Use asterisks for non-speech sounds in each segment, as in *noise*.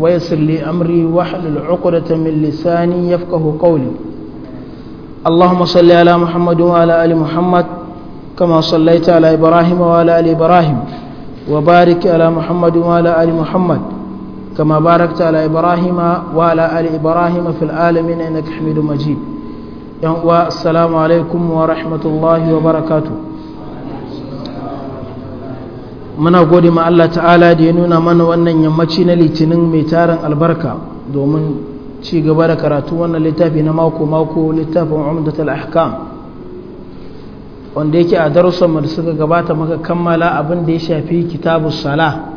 ويسر لي أمري واحلل عقدة من لساني يفقه قولي اللهم صل على محمد وعلى آل محمد كما صليت على إبراهيم وعلى آل إبراهيم وبارك على محمد وعلى آل محمد كما باركت على إبراهيم وعلى آل إبراهيم في العالمين إنك حميد مجيد السلام عليكم ورحمة الله وبركاته muna gode ma Allah ta'ala da ya nuna mana wannan yammaci na litinin mai tarin albarka domin ci gaba da karatu wannan littafi na mako-mako littafin umdatul ahkam wanda yake a darussan da suka gabata maka kammala abin da ya shafi kitabu sala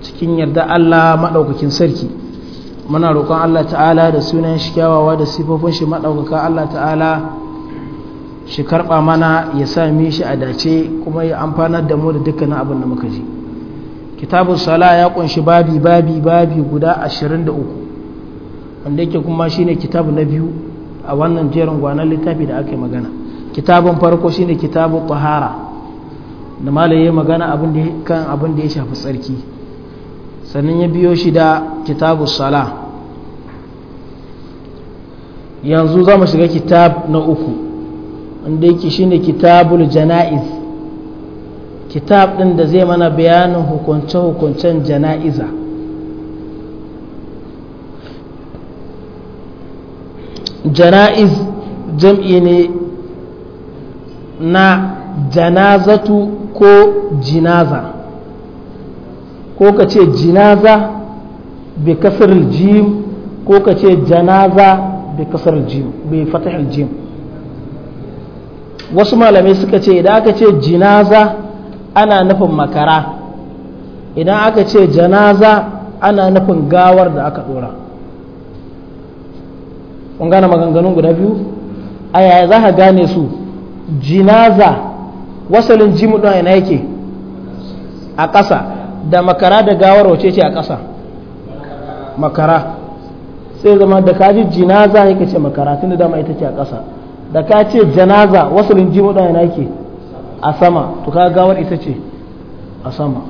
cikin yarda Allah maɗaukakin sarki muna roƙon Allah ta'ala da sunan shi kyawawa da sifofin shi maɗaukaka Allah ta'ala shi karɓa mana ya sami shi a dace kuma ya amfanar da mu da dukkanin abin da muka ji kitabun sala ya kunshi babi babi babi guda 23 wanda yake kuma shine kitabu na biyu a wannan jerin gwanan littafi da aka yi magana kitabun farko shine kitabu tahara da ya magana kan abin da ya shafi tsarki sannan ya biyo shi da kitabun sala yanzu za mu shiga kitab na uku wanda yake shine kitabul jana'iz kitab din da zai mana bayanin hukunce-hukuncen jana'iza jana'iz jam'i ne na janazatu ko jinaza ko ka ce jinaza bi kasar jim ko ka ce janaza bi kasar jim bi fatahar jim wasu malamai suka ce idan aka ce jinaza ana nufin makara idan aka ce janaza ana nufin gawar da aka dora kun gane maganganun guda biyu a yaya za ka gane su jinaza wasalin jimu a yana yake a ƙasa da makara da gawar wace ce a ƙasa makara sai zama da kaji jinaza yake ce makara tun da dama ita ce a ƙasa da ka ce janaza wasu jibo da yana ke a sama to ka gawar ita ce a sama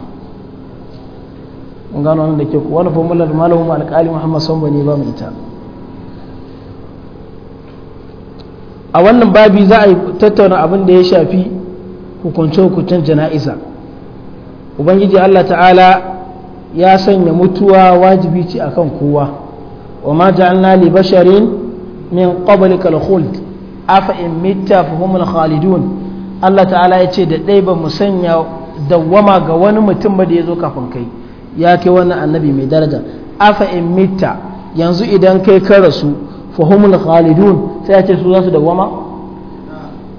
mun gano nan da ke kuwa na formular malamin alƙali muhammad samba ne ba mu ita a wannan babi za a yi tattauna abin da ya shafi hukunce-hukuncen jana'iza ubangiji allah ta'ala ya sanya mutuwa wajibi ce akan kowa wa ma ja'alna li basharin min qablika al-khuld afa in mitta khalidun Allah ta'ala ya ce da ɗai ba mu sanya dawwama ga wani mutum ba da ya zo kafin kai ya kai wannan annabi mai daraja afa in mita yanzu idan kai ka rasu fahumul khalidun sai ya ce su za su dawwama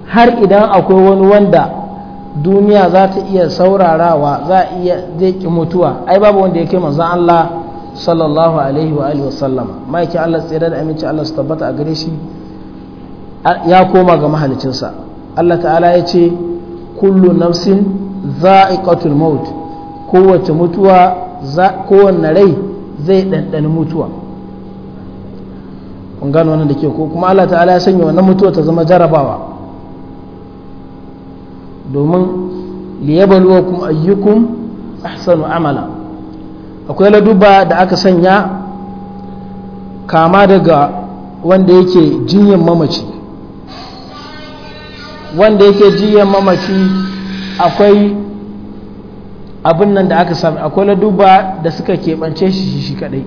har idan akwai wani wanda duniya za ta iya saurarawa za a iya zai ki mutuwa ai babu wanda ya kai manzon Allah sallallahu alaihi wa alihi wa sallama ma'aikin Allah tsira da aminci Allah su tabbata a gare shi ya koma ga mahalicinsa Allah ta'ala ya ce kullu nafsin za'iqatul maut kowace mutuwa kowanne rai zai ɗanɗani mutuwa kun gano wannan da ke ko kuma Allah ta'ala ya sanya wannan mutuwa ta zama jarabawa domin liyabluwakum ayyukum ahsanu amala akwai laduba da aka sanya kama daga wanda yake jinyin mamaci wanda yake jiyan mamaci akwai abin nan da aka sami akwai laduba da suka keɓance shi shi kadai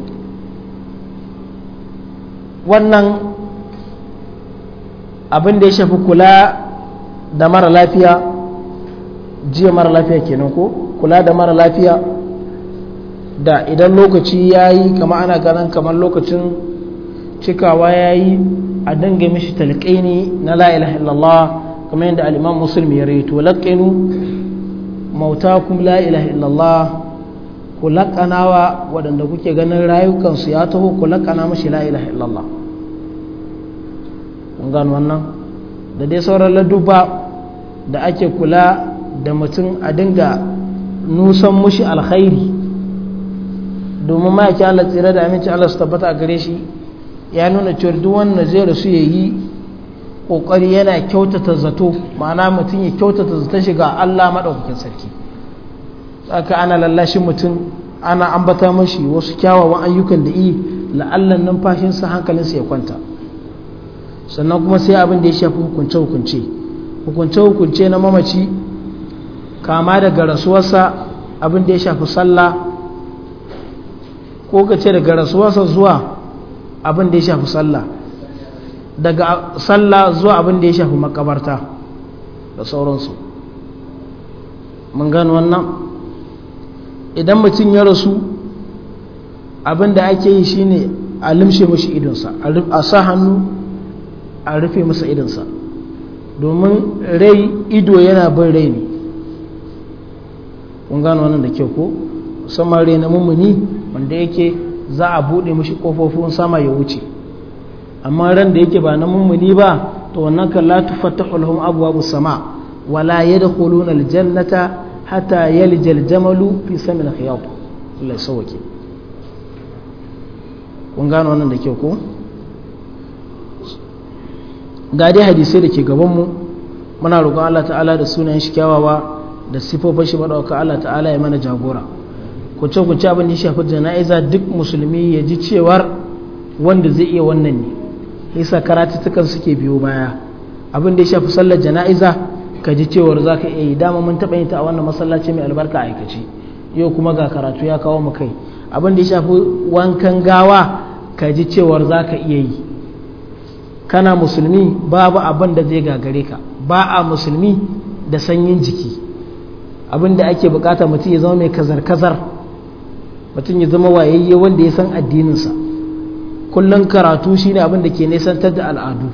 wannan abin da ya shafi kula da mara lafiya jiya mara lafiya kenan ko kula da mara lafiya da idan lokaci ya yi kama ana ganin kamar lokacin cikawa ya yi a dinga mishi talƙini na la'ilaha illallah kamar yadda al-imam ya rayu laqinu mautakum illallah ku waɗanda kuke ganin rayukansu ya taho ku laƙana mashi la illallah kun gano wannan da dai sauran laduba da ake kula da mutum a dinga nusan mushi alkhairi domin ma yake Allah tsira da aminci Allah su tabbata a gare shi ya nuna cewar duk wanda zai rasu ya yi ƙoƙari yana kyautata zato ma'ana mutum ya kyautata zato shiga Allah maɗaukakin sarki aka ana lallashin mutum ana ambata mashi wasu kyawawan ayyukan da iya la'allan numfashinsa hankalinsa ya kwanta sannan kuma sai abin da ya shafi hukunce hukunce hukunce hukunce na mamaci kama daga rasuwarsa abin da ya shafi sallah ko ka daga rasuwarsa zuwa abin da ya shafi sallah daga sallah zuwa abin da ya shafi makabarta da sauransu mun gan wannan idan mutum ya rasu abin da ake yi shine a limshe mashi idonsa a sa hannu a rufe masa idonsa domin rai ido yana bin rai ne kun gano wannan da ke ko musamman rai na mummuni wanda yake za a buɗe mashi ƙofofin sama ya wuce amma ran da yake ba na mummuni ba to wannan kan la tufattahu lahum abwabu sama wala yadkhuluna aljannata hatta yalja aljamalu fi samil khiyat Allah ya sauke kun gano wannan da kyau ko ga dai hadisi da ke gaban mu muna roƙon Allah ta'ala da sunayen shi kyawawa da sifofin shi madauka Allah ta'ala ya mana jagora ku ce ku ci abin da ya shafi jana'iza duk musulmi ya ji cewar wanda zai iya wannan ne yasa karatutukan suke biyo baya abin da ya shafi sallar jana'iza ka ji cewar za ka iya dama mun taɓa yin ta a wannan masallaci mai albarka aikace yau kuma ga karatu ya kawo mu kai abin da ya shafi wankan gawa ka ji cewar za ka iya yi kana musulmi babu abin da zai gagare ka ba a musulmi da sanyin jiki abin da ake bukata mutum ya zama mai kazar-kazar mutum ya zama wayayye wanda ya san addininsa kullum karatu shine abin da ke nesantar da al'adu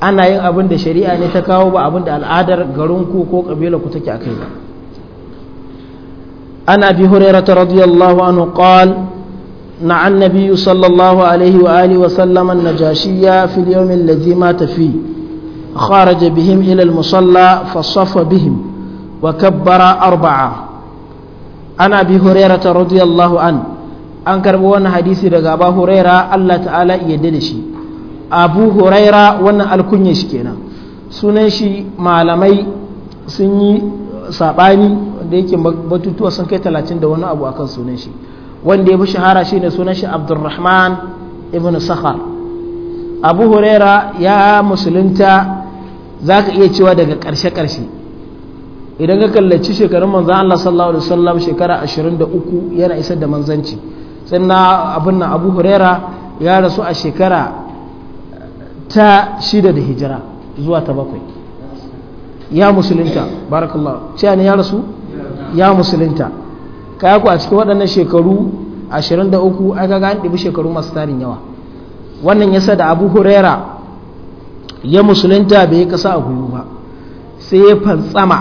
ana yin abin da shari'a ne ta kawo ba abin da al'adar garinku ko ƙabilar ku take kai ba ana bi hurairata radiyallahu anhu qal نعى النبي صلى الله عليه وآله وسلم النجاشية في اليوم الذي مات فيه خرج بهم إلى المصلى فصف بهم وكبر أربعة عن أبي هريرة رضي الله عنه an karbo wannan hadisi daga abu huraira allah ta'ala ya da shi abu huraira wannan alkunya shi kenan sunan shi malamai sun yi saɓani da yake batutuwa sun kai talatin da wani abu akan sunan shi wanda ya fi shahara shi ne sunan shi abdurrahman ibn sakhar abu huraira ya musulunta za ka iya cewa daga karshe karshe idan ka kallaci shekarun manzan Allah sallallahu alaihi wasallam shekara 23 yana isar da manzanci sai na abin nan abu huraira ya rasu a shekara ta shida da hijira zuwa ta bakwai ya musulunta barakallahu cewa ne ya rasu ya musulunta kaya ku a cikin waɗannan shekaru 23 aka ga an ɗibi shekaru masu tarin yawa wannan yasa da abu huraira ya musulunta bai yi kasa a guyu ba sai ya fantsama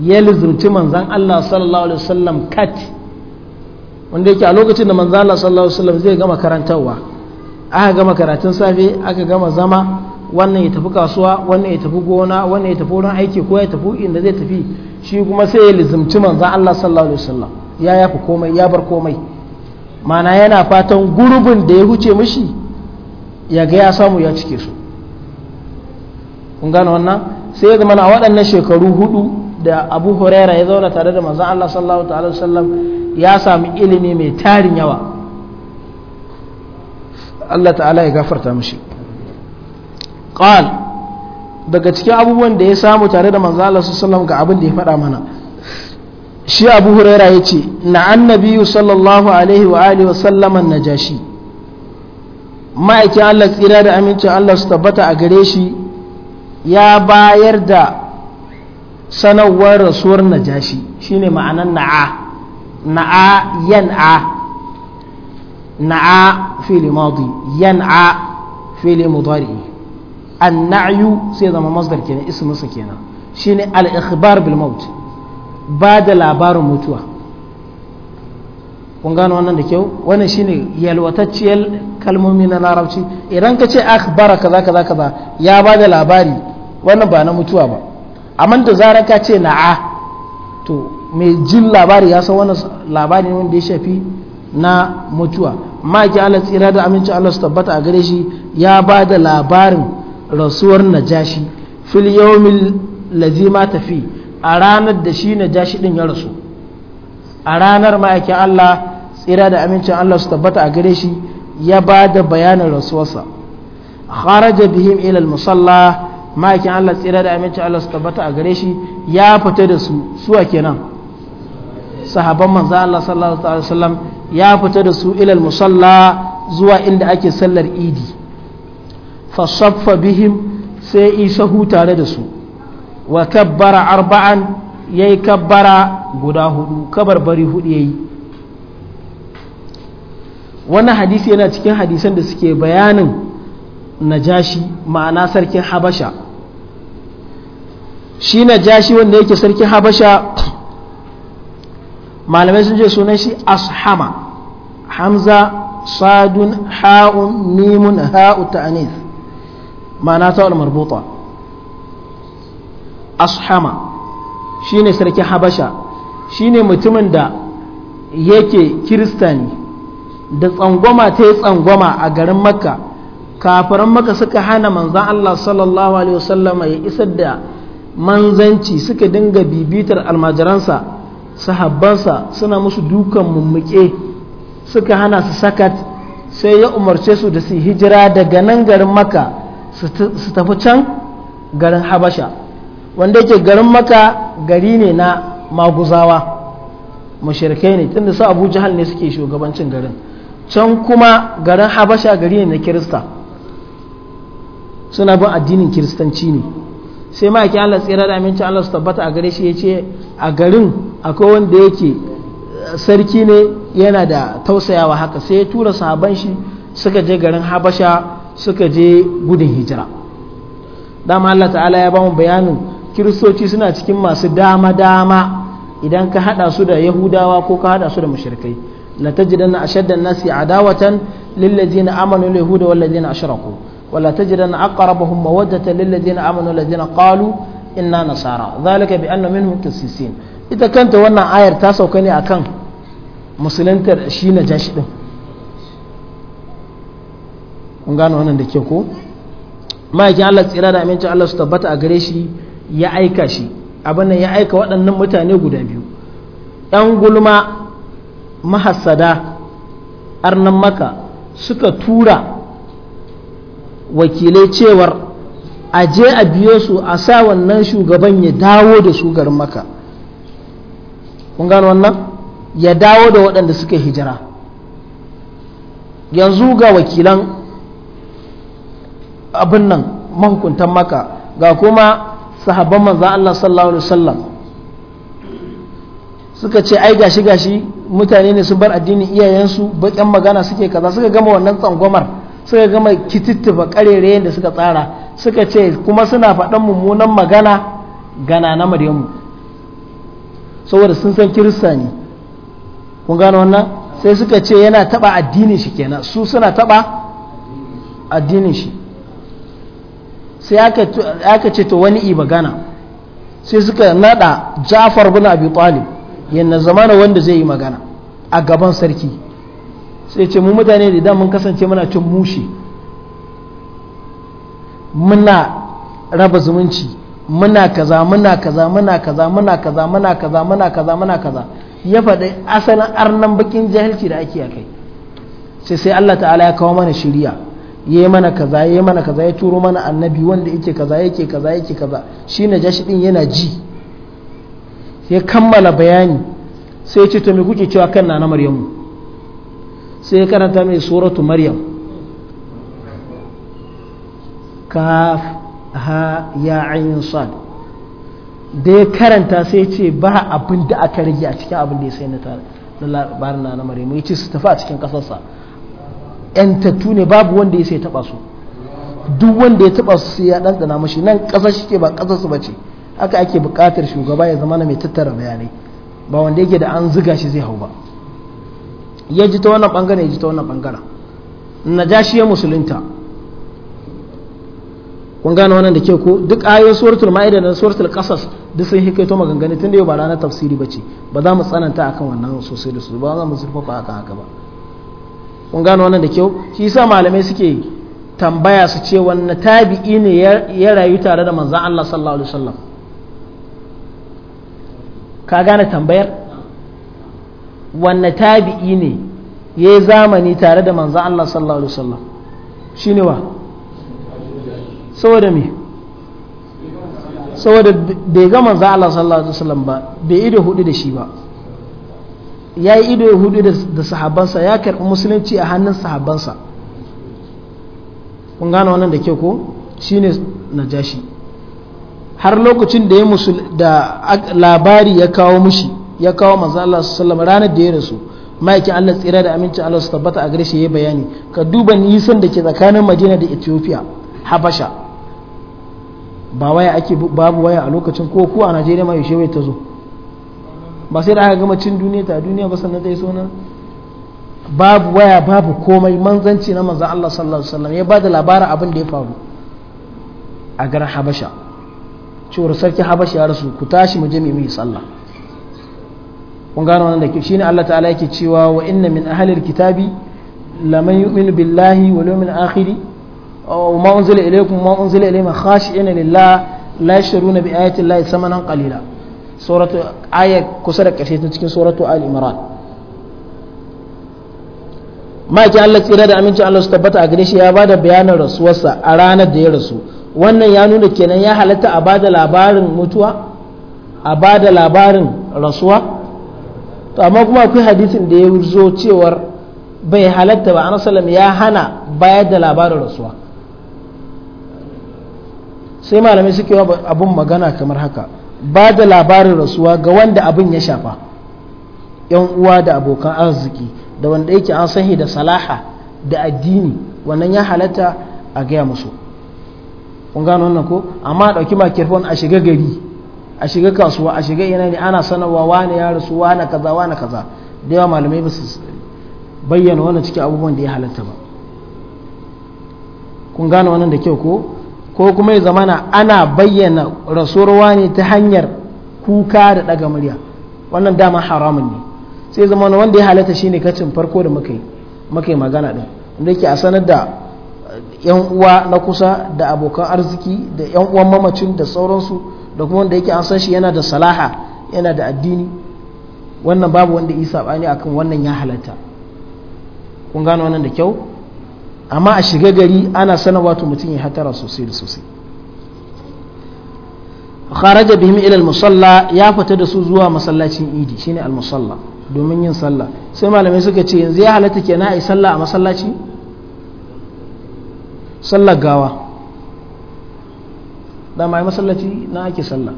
ya lizurci manzan allah sallallahu alaihi wasallam kat wanda yake a lokacin da manzo Allah sallallahu alaihi wasallam zai gama karantarwa aka gama karatun safe aka gama zama wannan ya tafi kasuwa wannan ya tafi gona wannan ya tafi wurin aiki ko ya tafi inda zai tafi shi kuma sai ya lizumci manzo Allah sallallahu alaihi wasallam ya yafi komai ya bar komai mana yana fatan gurbin da ya huce mishi ya ga ya samu ya cike su kun gane wannan sai ya zama a waɗannan shekaru hudu da abu huraira ya zauna tare da manzon Allah sallallahu ta'ala sallam ya samu ilimi mai tarin yawa Allah ta'ala ya gafarta mishi qal daga cikin abubuwan da ya samu tare da manzon Allah sallallahu ga abin da ya faɗa mana shi abu huraira ya ce na annabi sallallahu alaihi wa alihi wasallaman na jashi ma'aikin allah tsira da amincin allah su tabbata a gare shi ya bayar da sanarwar rasuwar najashi shine ma'anan na'a na'a yan'a na'a fili madi yan'a fili mudari an na'yu sai zama masdar kenan isminsa kenan shine al-ikhbar bil maut ba da labarin mutuwa kun gano wannan da kyau wannan shine yalwatacciyar kalmomi na larabci idan ka ce akhbara kaza kaza kaza ya ba da labari wannan ba na mutuwa ba amma da zarar ka ce na'a to mai jin labari ya san wannan labari ne wanda ya shafi na mutuwa maki ala tsira da aminci Allah su tabbata a gare shi ya ba da labarin rasuwar najashi fil yawmin lazima ma tafi a ranar da shi najashi din ya rasu a ranar ma'aikin Allah tsira da amincin Allah su tabbata a gare shi ya ba da bayanin rasuwarsa kharaja bihim ila al-musalla ma'aikin Allah tsira da aminci Allah su tabbata a gare shi ya fita da su suwa kenan sahaban manzo Allah sallallahu alaihi wasallam ya fita da su ilal musalla zuwa inda ake sallar idi fa saffa bihim sai isahu tare da su wa kabbara arba'an yayi kabbara guda hudu kabarbari hudu yayi wannan hadisi yana cikin hadisan da suke bayanin najashi ma'ana sarkin habasha shi na jashi wanda yake sarki habasha malamai sun ce sunan shi ashama hamza sadun ha'un mimun ha'u ta'anis ma'ana ta marbuta ashama shi ne sarki habasha shi ne mutumin da yake kiristani da tsangwama ta yi tsangwama a garin makka kafirin maka suka hana manzan allah sallallahu alaihi wasallam ya isar da manzanci suka dinga bibitar almajiransa sahabbansa suna musu dukan mummuke suka hana su sakat sai ya umarce su da su hijira daga nan garin maka su tafi can garin habasha wanda yake garin maka gari ne na maguzawa mashirkai ne tunda su abu jihal ne suke shugabancin garin can kuma garin habasha gari ne na kirista suna bin addinin kiristanci ne sai ma ake Allah tsira da amincin Allah su tabbata a gare shi ya ce a garin akwai wanda yake eh, sarki ne yana da tausayawa haka sai ya tura sahaban shi suka je garin habasha suka je gudun hijira dama Allah ta'ala ya mu bayanin kiristoci suna cikin masu dama-dama idan ka hada su da yahudawa ko ka hada su da mushrikai la tajidanna ashaddan nasi adawatan lil ladina amanu al yahuda wal ladina ashraku ولا تجدن أقربهم مودة للذين آمنوا الذين قالوا إنا نصارى ذلك بأن منهم كسيسين إذا ta sauka ne تاسو كني أكن مسلنتر jashi جاشد kun gano wannan da ke ko ma'aikin Allah tsira da amincin Allah su tabbata a gare shi ya aika shi abin nan ya aika waɗannan mutane guda biyu ‘yan gulma mahassada arnan maka suka tura wakilai cewar a je a biyo su a sa wannan shugaban ya dawo da su garin maka kun gano wannan ya dawo da waɗanda suka hijira yanzu ga wakilan abin nan mahukuntan maka ga kuma sahabban manzan Allah sallallahu alaihi wasallam suka ce ai gashi gashi mutane ne sun bar addinin iyayensu baƙin magana suke kaza suka gama wannan tsangwamar suka gama kitittufa karerayen da suka tsara suka ce kuma suna faɗan mummunan magana gana na maryamu saboda sun san kirista ne kun gano wannan sai suka ce yana taɓa addinin shi kenan su suna taɓa addinin shi sai aka ce to wani iba gana sai suka nada jafar bin abi talib yana zamana wanda zai yi magana a gaban sarki sai ce mu mutane da idan mun kasance muna cin mushi muna raba zumunci muna kaza muna kaza muna kaza muna kaza muna kaza muna kaza muna kaza ya faɗi asalin arnan bakin jahilci da ake kai sai sai Allah ta'ala ya kawo mana shiriya ya yi mana kaza ya yi mana kaza ya turo mana annabi wanda yake kaza yake kaza yake kaza shi na jashi din yana ji ya kammala bayani sai ya ce to me kuke cewa kan na na maryamu sai ya karanta mai suratu maryam kaf ha ya ayin sad da ya karanta sai ya ce ba abin da aka rage a cikin abin da ya sai na labarin na na maryam ya ce su tafi a cikin kasarsa yan tattu ne babu wanda ya sai taba su duk wanda ya taba su sai ya ɗanɗana mashi nan kasar shi ke ba ƙasar ba ce haka ake bukatar shugaba ya zama na mai tattara bayanai ba wanda yake da an ziga shi zai hau ba ya ji ta wannan bangare ya ji ta wannan bangaren shi ya musulunta kun gane wannan da ke ko duk ayoyin suratul ma'ida da suratul qasas duk sun to maganganu tun da yau ba ranar tafsiri bace ba za mu tsananta akan wannan sosai da su ba za mu zurfafa akan haka ba kun gane wannan da kyau shi yasa malamai suke tambaya su ce wannan tabi'i ne ya rayu tare da manzon Allah sallallahu alaihi wasallam ka gane tambayar wanne tabi'i ne ya yi zamani tare da manzan Allah sallallahu alaihi wasallam shi ne wa saboda me saboda bai ga manzan Allah sallallahu alaihi wasallam ba bai ido hudu da shi ba ya yi ido hudu da sahabansa ya karɓi musulunci a hannun sahabansa kun gane wannan da ke ko shine najashi har lokacin da ya musul da labari ya kawo mushi ya kawo manzo Allah sallallahu alaihi ranar da ya rasu ma'aikin Allah tsira da aminci Allah su tabbata a gare shi ya bayani ka duba nisan da ke tsakanin Madina da Ethiopia Habasha ba waya ake babu waya a lokacin ko ko a Najeriya ma yaushe wai ta zo ba sai da aka gama cin duniya ta duniya ba sannan zai so sona babu waya babu komai manzanci na manzo Allah sallallahu alaihi wasallam ya bada labarin abin da ya faru a garin Habasha cewar sarki Habasha ya rasu ku tashi mu je mu yi sallah kun gano wannan da kyau shine Allah ta'ala yake cewa wa inna min ahlil kitabi laman yu'minu billahi wal yawmil akhir wa ma unzila ilaykum ma unzila ilayhim khashi'ina lillah la yashruna bi ayati llahi samanan qalila suratu aya kusa da karshe ta cikin suratu al imran maki Allah tsira da amincin Allah su tabbata a gare shi ya bada bayanin rasuwarsa a ranar da ya rasu wannan ya nuna kenan ya halatta a bada labarin mutuwa a bada labarin rasuwa to amma kuma akwai hadisin da ya zo cewar bai halatta ba ana salam ya hana bayar da labarin rasuwa sai malamai suke abun magana kamar haka ba da labarin rasuwa ga wanda abin ya shafa yan uwa da abokan arziki da wanda yake an sahi da salaha da addini wannan ya halatta a gaya musu kun gano wannan ko amma a ɗauki makirfon a shiga gari a shiga kasuwa a shiga ina ne ana sanarwa wane ya rasu wane kaza wane kaza da yawa malamai ba su bayyana wannan cikin abubuwan da ya halatta ba kun gane wannan da kyau ko ko kuma ya zamana ana bayyana rasuwar ne ta hanyar kuka da daga murya wannan dama haramun ne sai zama wanda ya halatta shine kacin farko da muka yi muka yi magana din inda yake a sanar da yan uwa na kusa da abokan arziki da yan uwan mamacin da sauransu da kuma wanda yake an san shi yana da salaha yana da addini wannan babu wanda isa bani akan wannan ya halatta kun gano wannan da kyau amma a shiga gari ana sanar wato mutum ya hatara sosai da sosai kharaja bihim ila al-musalla ya fita da su zuwa masallacin idi shine al-musalla domin yin sallah sai malamai suka ce yanzu ya halatta kenan ai salla sallah a masallaci sallar gawa da mai masallaci na ake sallah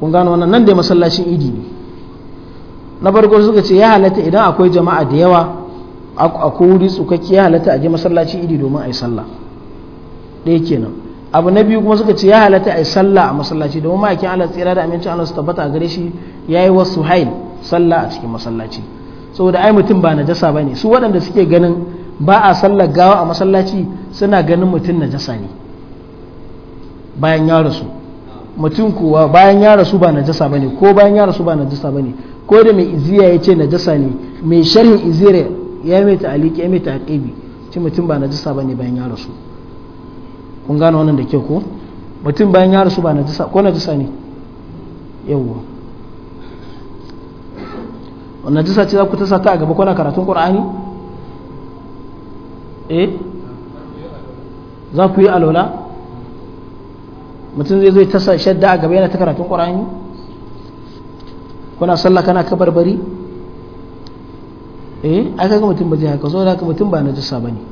kun gano wannan nan dai masallacin idi ne na farko suka ce ya halatta idan akwai jama'a da yawa akwai wuri tsukakki ya halatta a je masallacin idi domin a yi sallah ɗaya kenan abu na biyu kuma suka ce ya halatta a yi sallah a masallaci domin ma'aikin Allah tsira da amincin Allah su tabbata a gare shi yi wasu hail sallah a cikin masallaci saboda ai mutum ba najasa bane su waɗanda suke ganin ba a sallar gawa a masallaci suna ganin mutum najasa ne bayan ya rasu mutum kuwa bayan ya rasu ba najasa bane ko bayan ya rasu ba najasa bane ko da mai iziya ya ce najasa ne mai sharhin izira ya mai ta aliki ya mai ta aqibi ce mutum ba najasa bane bayan ya rasu kun gane wannan da kyau ko mutum bayan ya rasu ba najasa ko najasa ne yawwa wannan najasa ce za ku ta sata a gaba kuna karatun qur'ani eh za ku yi alola? mutum zai zai tasa shadda a gaba yana ta karatun ƙwarani kuna sallah kana ka barbari eh ai ga mutum ba zai haka zo da mutum ba na jisa ba ne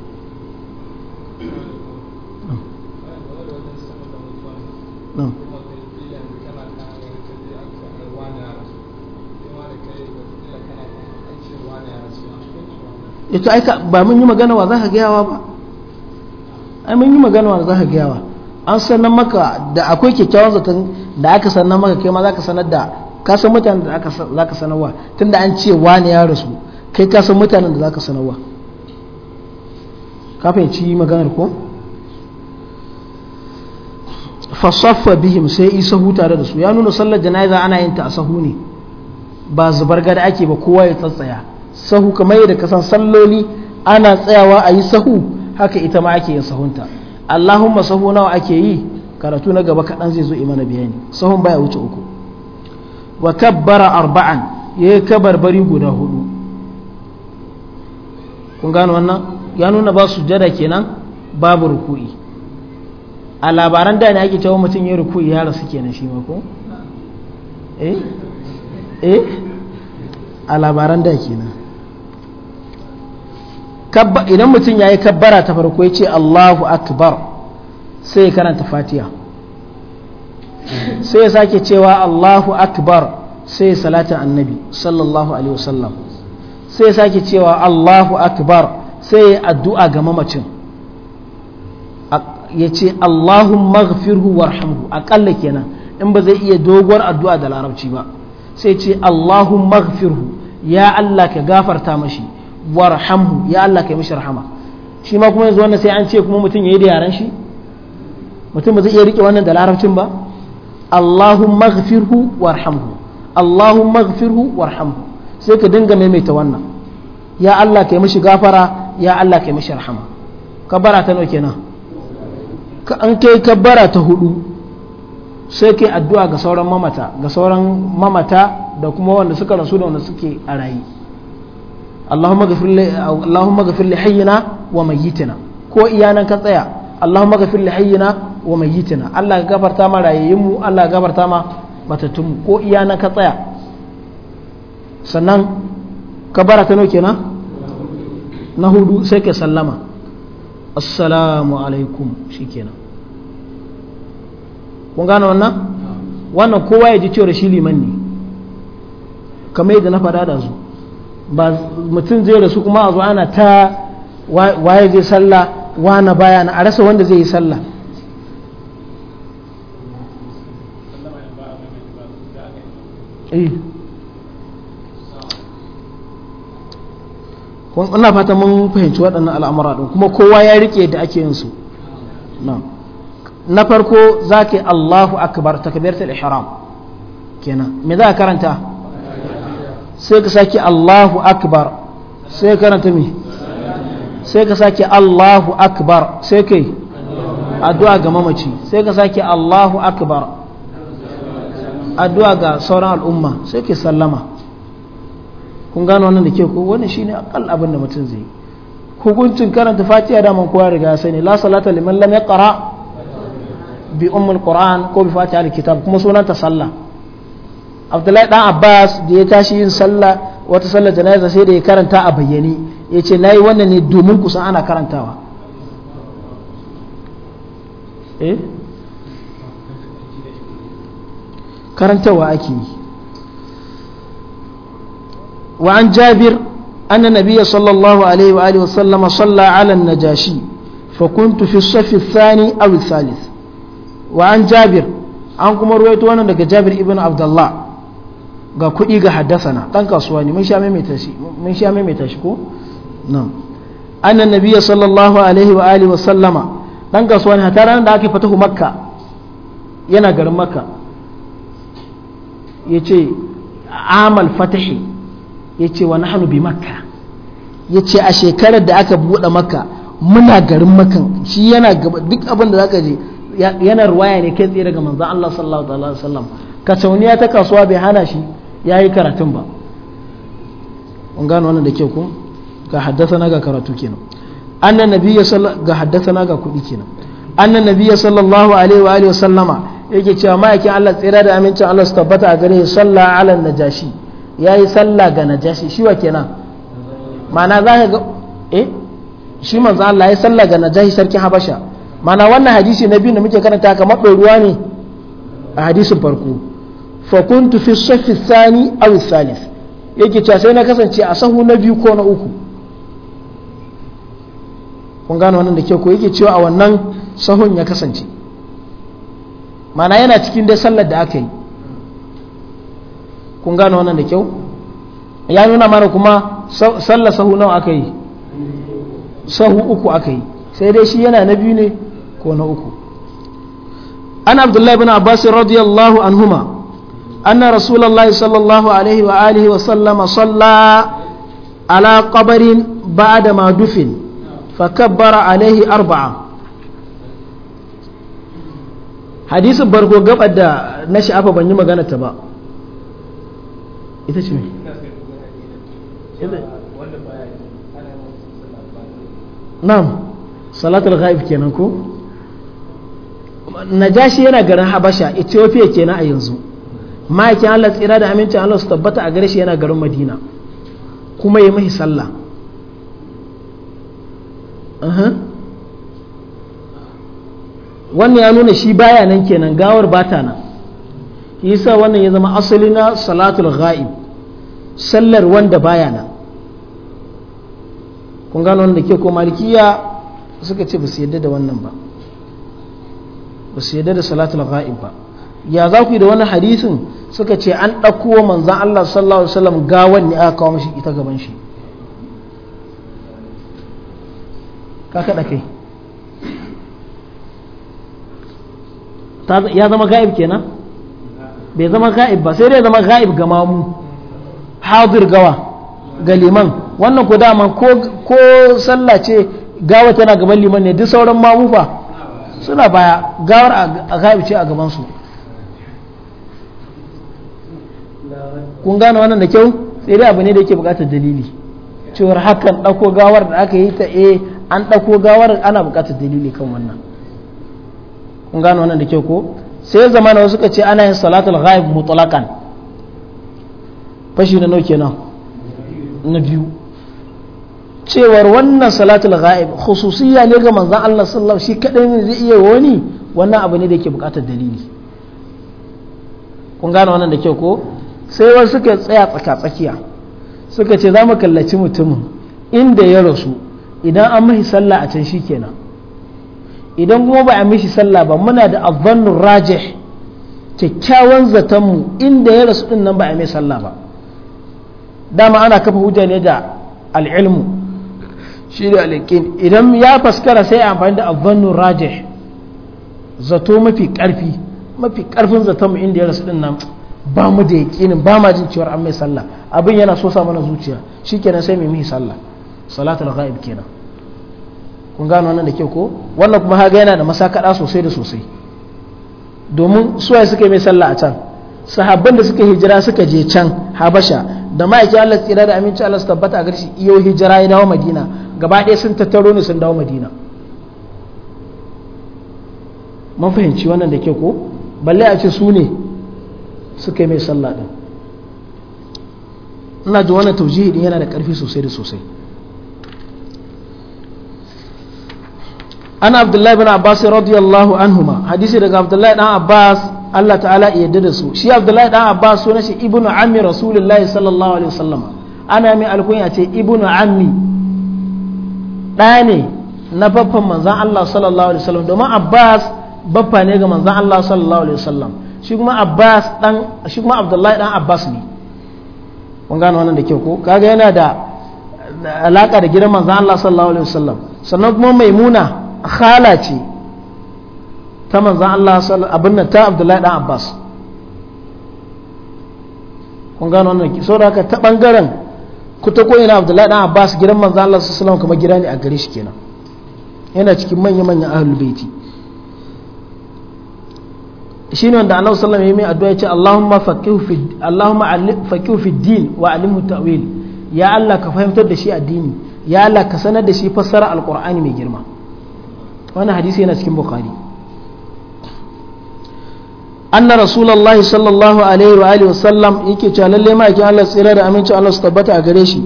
ita eh, aika ba mun yi magana wa za ka wa ba ai mun yi magana wa za ka wa. an sanar maka da akwai kyakkyawan zaton da aka sanar maka kai ma za ka sanar da ka san mutanen da za ka sanarwa tunda an ce wani ya rasu kai ka san mutanen da za ka sanarwa ka fahimci maganar ko Fasafa bihim sai yi sahu tare da su ya nuna sallar jana'iza ana yin ta a sahu ne ba zubar gada ake ba kowa ya tsatsaya sahu kamar yadda kasan salloli ana tsayawa a yi sahu haka ita ma ake yin sahunta Allahumma sahu nawa ake yi karatu na gaba kaɗan zai zo imana bayani sahun baya wuce uku wa kabbara arba'an ya yi kabarbari guda hudu kun gano wannan ya nuna ba su jada kenan babu ruku'i a labaran da ne ake cewa mutum ya ruku'i ya rasu kenan shi ma ko eh eh a labaran da kenan idan mutum ya yi kabbara ta farko ya ce Allahu akbar sai ya karanta fatiha sai ya sake cewa Allahu akbar sai ya salata annabi sallallahu alaihi wasallam sai ya sake cewa Allahu akbar sai ya addu'a ga mamacin ya ce Allahun maghfirhu warhamhu aƙalla kenan in ba zai iya doguwar addu'a da larabci ba sai ce Allahun maghfirhu ya Allah ka gafarta mashi warhamhu ya Allah kai mishi rahama shi ma kuma yanzu wannan sai an ce kuma mutum yayi da yaran shi mutum ba zai iya rike wannan da larabcin ba Allahumma ighfirhu warhamhu Allahumma ighfirhu warhamhu sai ka dinga maimaita wannan ya Allah kai mishi gafara ya Allah kai mishi rahama kabara ta nawa kenan ka an kai kabara ta hudu sai kai addu'a ga sauran mamata ga sauran mamata da kuma wanda suka rasu da wanda suke a rayi Allahumma ghafir li Allahumma ghafir li ko iyanan ka tsaya Allahumma ghafir lihayyina wa mayyitina Allah ka gafarta ma rayayyun Allah ka gafarta ma matattun ko iyanan ka tsaya sannan ka bara ta nauke na na hudu sai ka sallama assalamu alaikum kun gane wannan wannan kowa ya ji cewar shi liman ne kamar yadda na faɗa da su ba mutum zai rasu kuma a zo ana ta waye zai sallah wane baya na a rasa wanda zai yi sallah eh. ina fata mun fahimci waɗannan al'amura ɗin kuma kowa ya rike da ake yin su na farko za ka yi allahu akbar takbiratul ihram kenan me za a karanta sai ka sake Allahu akbar sai karanta me sai ka sake Allahu akbar sai kai addu'a ga mamaci sai ka sake Allahu akbar addu'a ga sauran al'umma sai kai sallama kun gano wannan da ke ko wannan shine akal abin da mutum zai hukuncin karanta fatiha da man kowa riga sai ne la salata liman lam yaqra bi ummul qur'an ko bi fatiha al-kitab kuma sunanta sallah abdullahi dan abbas da ya tashi yin sallah wata sallar jana'iza sai da ya karanta a bayyane ya ce na yi wannan ne domin kusan ana karantawa eh? karantawa ake yi an جابر أن النبي صلى الله عليه وآله وسلم صلى على النجاشي فكنت في الصف الثاني أو الثالث وعن جابر عنكم رويت وانا جابر ابن عبد الله ga kuɗi ga haddasana ɗan kasuwa ne mun sha maimaita shi mun sha maimaita shi ko nan annan nabiyyi sallallahu alaihi wa alihi wa sallama ɗan kasuwa ne hatta ranar da aka fatahu makka yana garin makka yace amal fatahi yace wa nahnu bi makka yace a shekarar da aka buɗe makka muna garin makan shi yana gaba duk abin da zaka je yana ruwaya ne kai tsaye daga manzon Allah sallallahu alaihi ka tauniya ta kasuwa bai hana shi ya yi karatun ba kun gano wannan da ke ku ga na ga karatu kenan annan nabiyya ga na ga kuɗi kenan annan ya sallallahu alaihi wa alihi sallama yake cewa ma'aikin Allah tsira da amincin Allah su tabbata a gare shi sallah ala najashi yi sallah ga najashi shi wa kenan ma'ana za ka ga eh shi manzo Allah ya sallah ga najashi sarkin Habasha ma'ana wannan hadisi na biyu da muke karanta kamar ruwa ne a hadisin farko fa kuntu fi safi sani aw salis yake cewa sai na kasance a sahu na biyu ko na uku kun gano wannan da ke ko yake cewa a wannan sahun ya kasance mana yana cikin dai sallar da aka yi kun gano wannan da kyau ya nuna mana kuma sallar sahu nawa aka yi sahu uku aka yi sai dai shi yana na biyu ne ko na uku an abdullahi bin abbas radiyallahu anhuma أن رسول الله صلى الله عليه وآله وسلم صلى على قبر بعدما دفن فكبر عليه أربعة حديث بركو قبل نشأ أبا بن يما قالت تبا إذا شنو نعم صلاة الغائب كينانكو najashi yana garin habasha ethiopia kenan a yanzu ma'aikin Allah tsira da amincin Allah su tabbata a gare shi yana garin Madina kuma ya mahi sallah wannan ya nuna shi baya nan kenan gawar bata nan yasa wannan ya zama asali na salatul ghaib sallar wanda baya nan kun gano wanda ke ko malikiya suka ce ba su yadda da wannan ba ba su yadda da salatul ghaib ba ya za ku yi da wani hadisin suka ce an ɗauko manzan Allah sallallahu alaihi wasallam gawan ne aka kawo mashi ita gaban shi kaka ɗakai ya zama ga'ib kenan bai zama ga'ib ba sai dai zama ga'ib ga mamu hadir gawa ga liman wannan ku dama ko sallah ce gawa tana gaban liman ne duk sauran mamu fa suna baya gawar a ga'ib ce a gabansu kun gane wannan da kyau sai dai abu ne da yake buƙatar dalili cewar hakan ɗauko gawar da aka yi ta eh an ɗauko gawar ana buƙatar dalili kan wannan kun gane wannan da kyau ko sai zamana wasu suka ce ana yin salatul ghaib mutlaqan fashi na nau kenan na biyu cewar wannan salatul ghaib khususiyya ne ga manzon Allah sallallahu shi kadai zai iya wani wannan abu ne da yake buƙatar dalili kun gane wannan da kyau ko sai wasu suka tsaya tsaka-tsakiya suka ce za mu kallaci mutumin inda ya rasu idan an mahi sallah a can shi kenan idan kuma ba a mishi sallah ba muna da azzannun rajih kyakkyawan zatonmu inda ya rasu din nan ba a mai sallah ba dama ana kafa hujja ne da al'ilmu shi da alikin idan ya faskara sai a amfani da azzannun rajih zato mafi karfi mafi karfin zatonmu inda ya rasu din nan ba mu da yaƙinin ba ma jin cewar an mai sallah abin yana so sa mana zuciya shikenan sai mai mihi sallah salatul ghaib kenan kun gano wannan da kyau ko wannan kuma haga yana da masakada sosai da sosai domin suwaye suka yi mai sallah a can sahabban da suka hijira suka je can habasha da ma'aikin Allah tsira da aminci Allah su tabbata a garshi iyo hijira ya dawo madina gaba ɗaya sun tattaro ne sun dawo madina mun fahimci wannan da ke ko balle a ce su ne suka yi mai sallah din ina ji wannan taujihi din yana da ƙarfi sosai da sosai ana abdullahi bin abbas radiyallahu anhuma hadisi daga abdullahi dan abbas Allah ta'ala ya iya dada su shi abdullahi dan abbas suna shi ibnu ammi rasulullahi sallallahu alaihi wasallam ana mai alkunya ce ibnu ammi ɗa ne na baffan manzan Allah sallallahu alaihi wasallam domin abbas baffa ne ga manzan Allah sallallahu alaihi wasallam shi kuma abbas dan shi kuma abdullahi dan abbas ne kun gano wannan da kyau ko kaga yana da alaka da gidan manzon Allah sallallahu alaihi wasallam sannan kuma maimuna khala ce ta manzon Allah sallallahu abin nan ta abdullahi dan abbas kun gano wannan saboda haka ta bangaren ta koyi na abdullahi dan abbas gidan manzon Allah sallallahu alaihi wasallam kuma gida ne a gare shi kenan yana cikin manya-manyan ahlul baiti shi ne wanda annabi sallallahu alaihi wasallam ya addu'a ya ce Allahumma faqihu fi Allahumma faqihu fi din wa alimhu ta'wil ya Allah ka fahimtar da shi addini ya Allah ka sanar da shi fassara alqur'ani mai girma wannan hadisi yana cikin bukhari anna rasulullahi sallallahu alaihi wa alihi wasallam yake cewa lalle ma yake Allah tsira da aminci Allah su tabbata a gare shi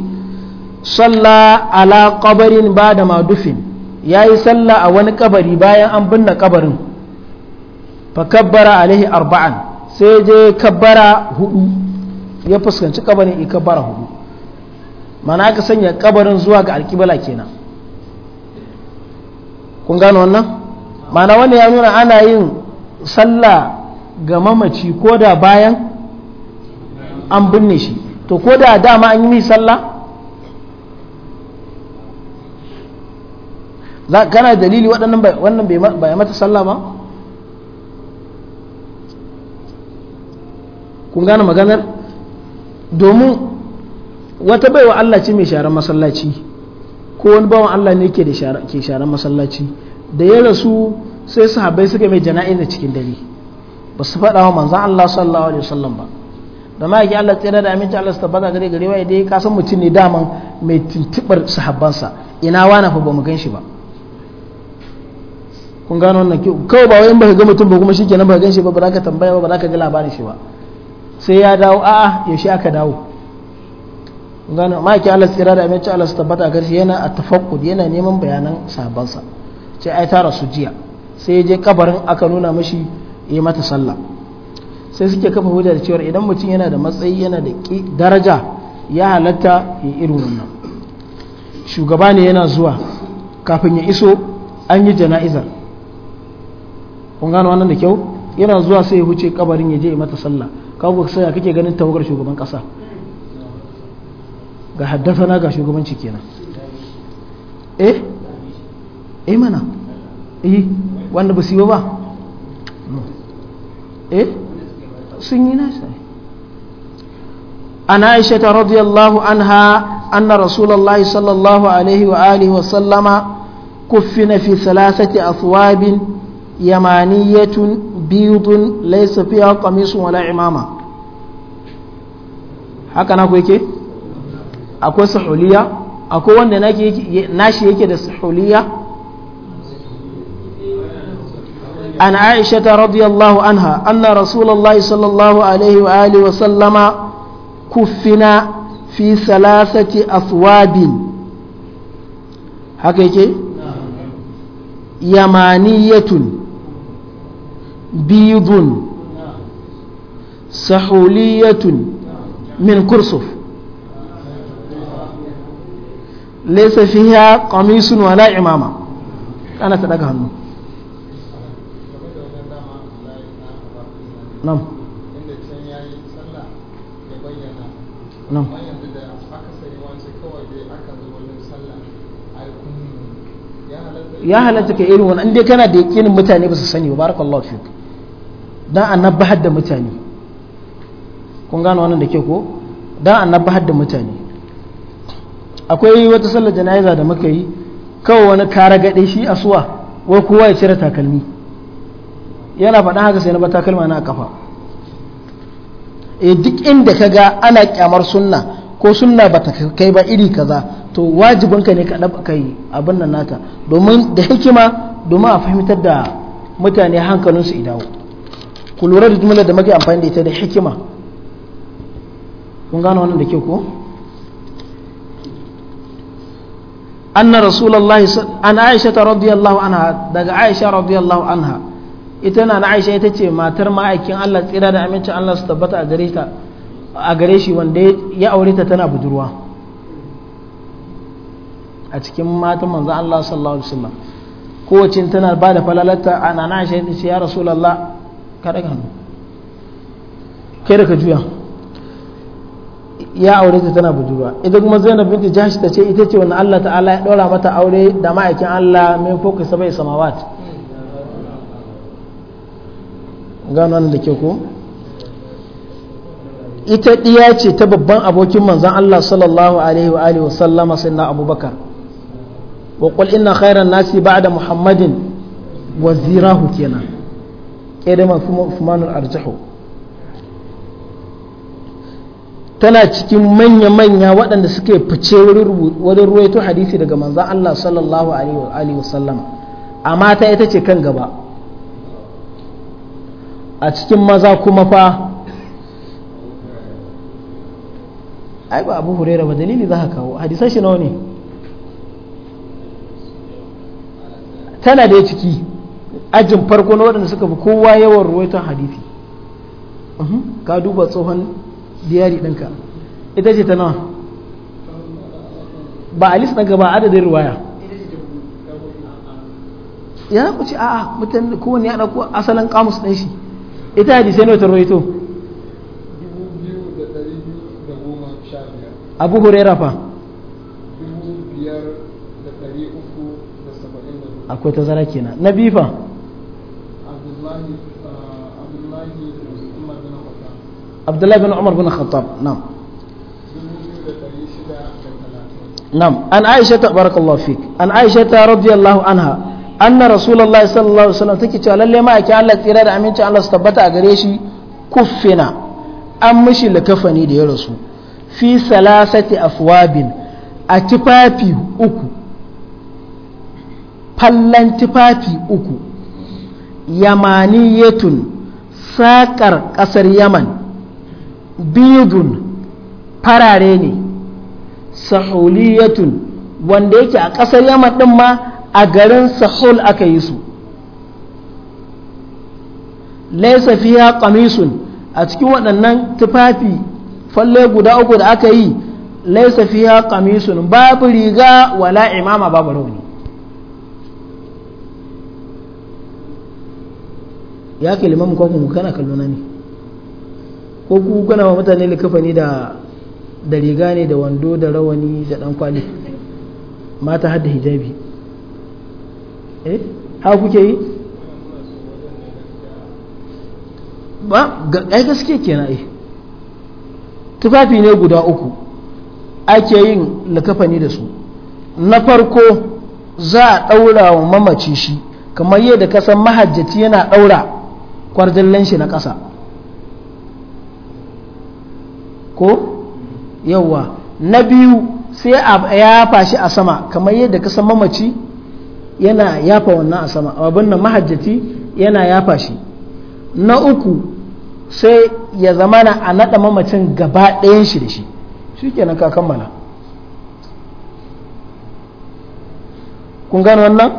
salla ala qabarin bada ma dufin yayi salla a wani kabari bayan an binne kabarin fa alaihi arba'an sai je kabbara hudu ya fuskanci kabarin i kabbara hudu mana aka sanya kabarin zuwa ga alkibala kenan kun gano wannan mana wanda ya nuna ana yin sallah ga mamaci ko da bayan an binne shi to ko da dama an yi mai sallah kana dalili waɗannan wannan bai mata sallah ba kun gane maganar domin wata baiwa Allah ce mai sharar masallaci ko wani bawan Allah ne ke ke sharar masallaci da ya rasu sai habai suka mai da cikin dare ba su faɗa wa manzan Allah sallallahu alaihi wasallam ba da ma Allah tsira da aminci Allah su tabbata gare gare wai dai kasan mutum ne daman mai tuntubar sahabbansa ina wani fa ba mu gan shi ba kun gano wannan kawai ba wai in ba ka ga mutum ba kuma shikenan ba gan shi ba ba za ka tambaya ba ba za ka ji labarin shi ba sai ya dawo a'a ya shi aka dawo gano maki Allah tsira da aminci Allah su tabbata a garshi yana a tafakkud yana neman bayanan sabansa ce ai tara rasu jiya sai ya je kabarin aka nuna mashi ya mata sallah sai suke kafa hujja da cewa idan mutum yana da matsayi yana da daraja ya halatta ya irin wannan shugaba ne yana zuwa kafin ya iso an yi jana'izar kun gano wannan da kyau yana zuwa sai ya huce kabarin ya je mata sallah kawo sai kake ganin tawagar shugaban kasa ga haddasa ga shugabanci kenan eh eh mana eh wanda ba siyo ba eh sun yi nasa an aisha ta radiyallahu anha anna rasulullahi sallallahu alaihi wa alihi wa sallama kuffina fi thalathati athwabin يمانية بيض ليس فيها قميص ولا عمامة haka na yake akwai sahuliya akwai wanda nashi yake da sahuliya an aisha ta radiyallahu anha anna rasulullahi sallallahu alaihi wa alihi wa sallama kufina fi salasati aswabin haka yake yamaniyatun بيض سحولية من كرسف ليس فيها قميص ولا عمامة أنا تلقى نعم نعم ya halatta ka irin wani inda kana da yakinin mutane ba su sani ba barakallahu fiki don annabahar da mutane kun gano wannan da ke ko don annabahar da mutane akwai wata sallar jana'iza da muka yi kawai wani kara gaɗe shi a suwa wai kowa ya cire takalmi yana faɗa haka sai na ba takalma na kafa e eh, duk inda ka ga ana kyamar sunna ko sunna ba ta kai ba iri kaza to wajibinka ne ka ɗaba kai abin nan nata domin da hikima domin a fahimtar da mutane hankalinsu idawo ku lura da jumlar da muke amfani da ita da hikima kun gano wannan da ke ko anna rasulullahi an aisha ta radiyallahu anha daga aisha radiyallahu anha ita na na aisha ita ce matar ma'aikin Allah tsira da amincin Allah su tabbata a gare ta a gare shi wanda ya aure ta tana budurwa a cikin matan manzo Allah sallallahu alaihi wasallam kowace tana ba da falalarta ana na aisha ita ce ya rasulullahi ka hannu kai da ka juya ya aure ta tana budurwa ita kuma zainab binti jahsh ta ce ita ce wannan Allah ta'ala ya dora mata aure da ma'aikin Allah mai foka sabai samawat gano wannan da ke ko ita ɗiya ce ta babban abokin manzan Allah sallallahu alaihi wa alihi wasallama sayyidina abubakar wa qul inna khairan nasi ba'da muhammadin wazirahu kenan irma kuma usmanul arjahu tana cikin manya-manya waɗanda suke fice wurin ruwaito hadisi daga manzan Allah sallallahu alaihi wasallam amma ta ita ce kan gaba a cikin maza kuma fa ai ba abu hurera ba dalili za ka kawo hadisan shi nawa ne tana da ciki ajin farko na waɗanda suka fi kowa yawan ruwaitan hadithi mhm. ka duba tsohon diyari ɗinka ita ce ta nawa ba a lista gaba adadin ruwaya ya ku ce a'a mutane kowane ya ɗauko asalin kamus ɗin shi ita hadisai nawa ta ruwaito abu huraira fa akwai zara kenan na bifa abdullahi bin umar bin khattab na'am نعم عن عائشة بارك الله فيك عن عائشة رضي الله عنها أن رسول الله صلى الله عليه وسلم تكي تعالى لما أكي الله تيرا دا أمين تعالى استبتا أغريشي كفنا أمشي لكفني دي رسول في ثلاثة أفواب أتفافي أكو فلن تفافي أكو يمانية ساكر قصر يمن bidun farare ne sahuliyatun wanda yake a ƙasar yamma ɗin ma a garin sahul aka yi su laisa fiya qamisun a cikin waɗannan tufafi falle guda uku da aka yi laisa fiya qamisun babu riga wala imama babu rauni ya kalimamu limamu kana kallona ne ko ku gana wa mutane likafani da da riga ne da wando da rawani da dan kwali mata hadda hijabi eh ha kuke yi ba ai gaske kenan eh tufafi ne guda uku ake yin likafani da su na farko za a ɗaura wa mamaci shi kamar yadda kasan mahajjaci yana ɗaura kwarjallen shi na ƙasa ko yawwa na biyu sai a yafa shi a sama kamar yadda kasan mamaci yana yafa wannan a sama abin nan mahajjati yana yafa shi na uku sai ya zama na a naɗa mamacin gaba ɗayan shi da shi shi kenan ka kammala kun gano wannan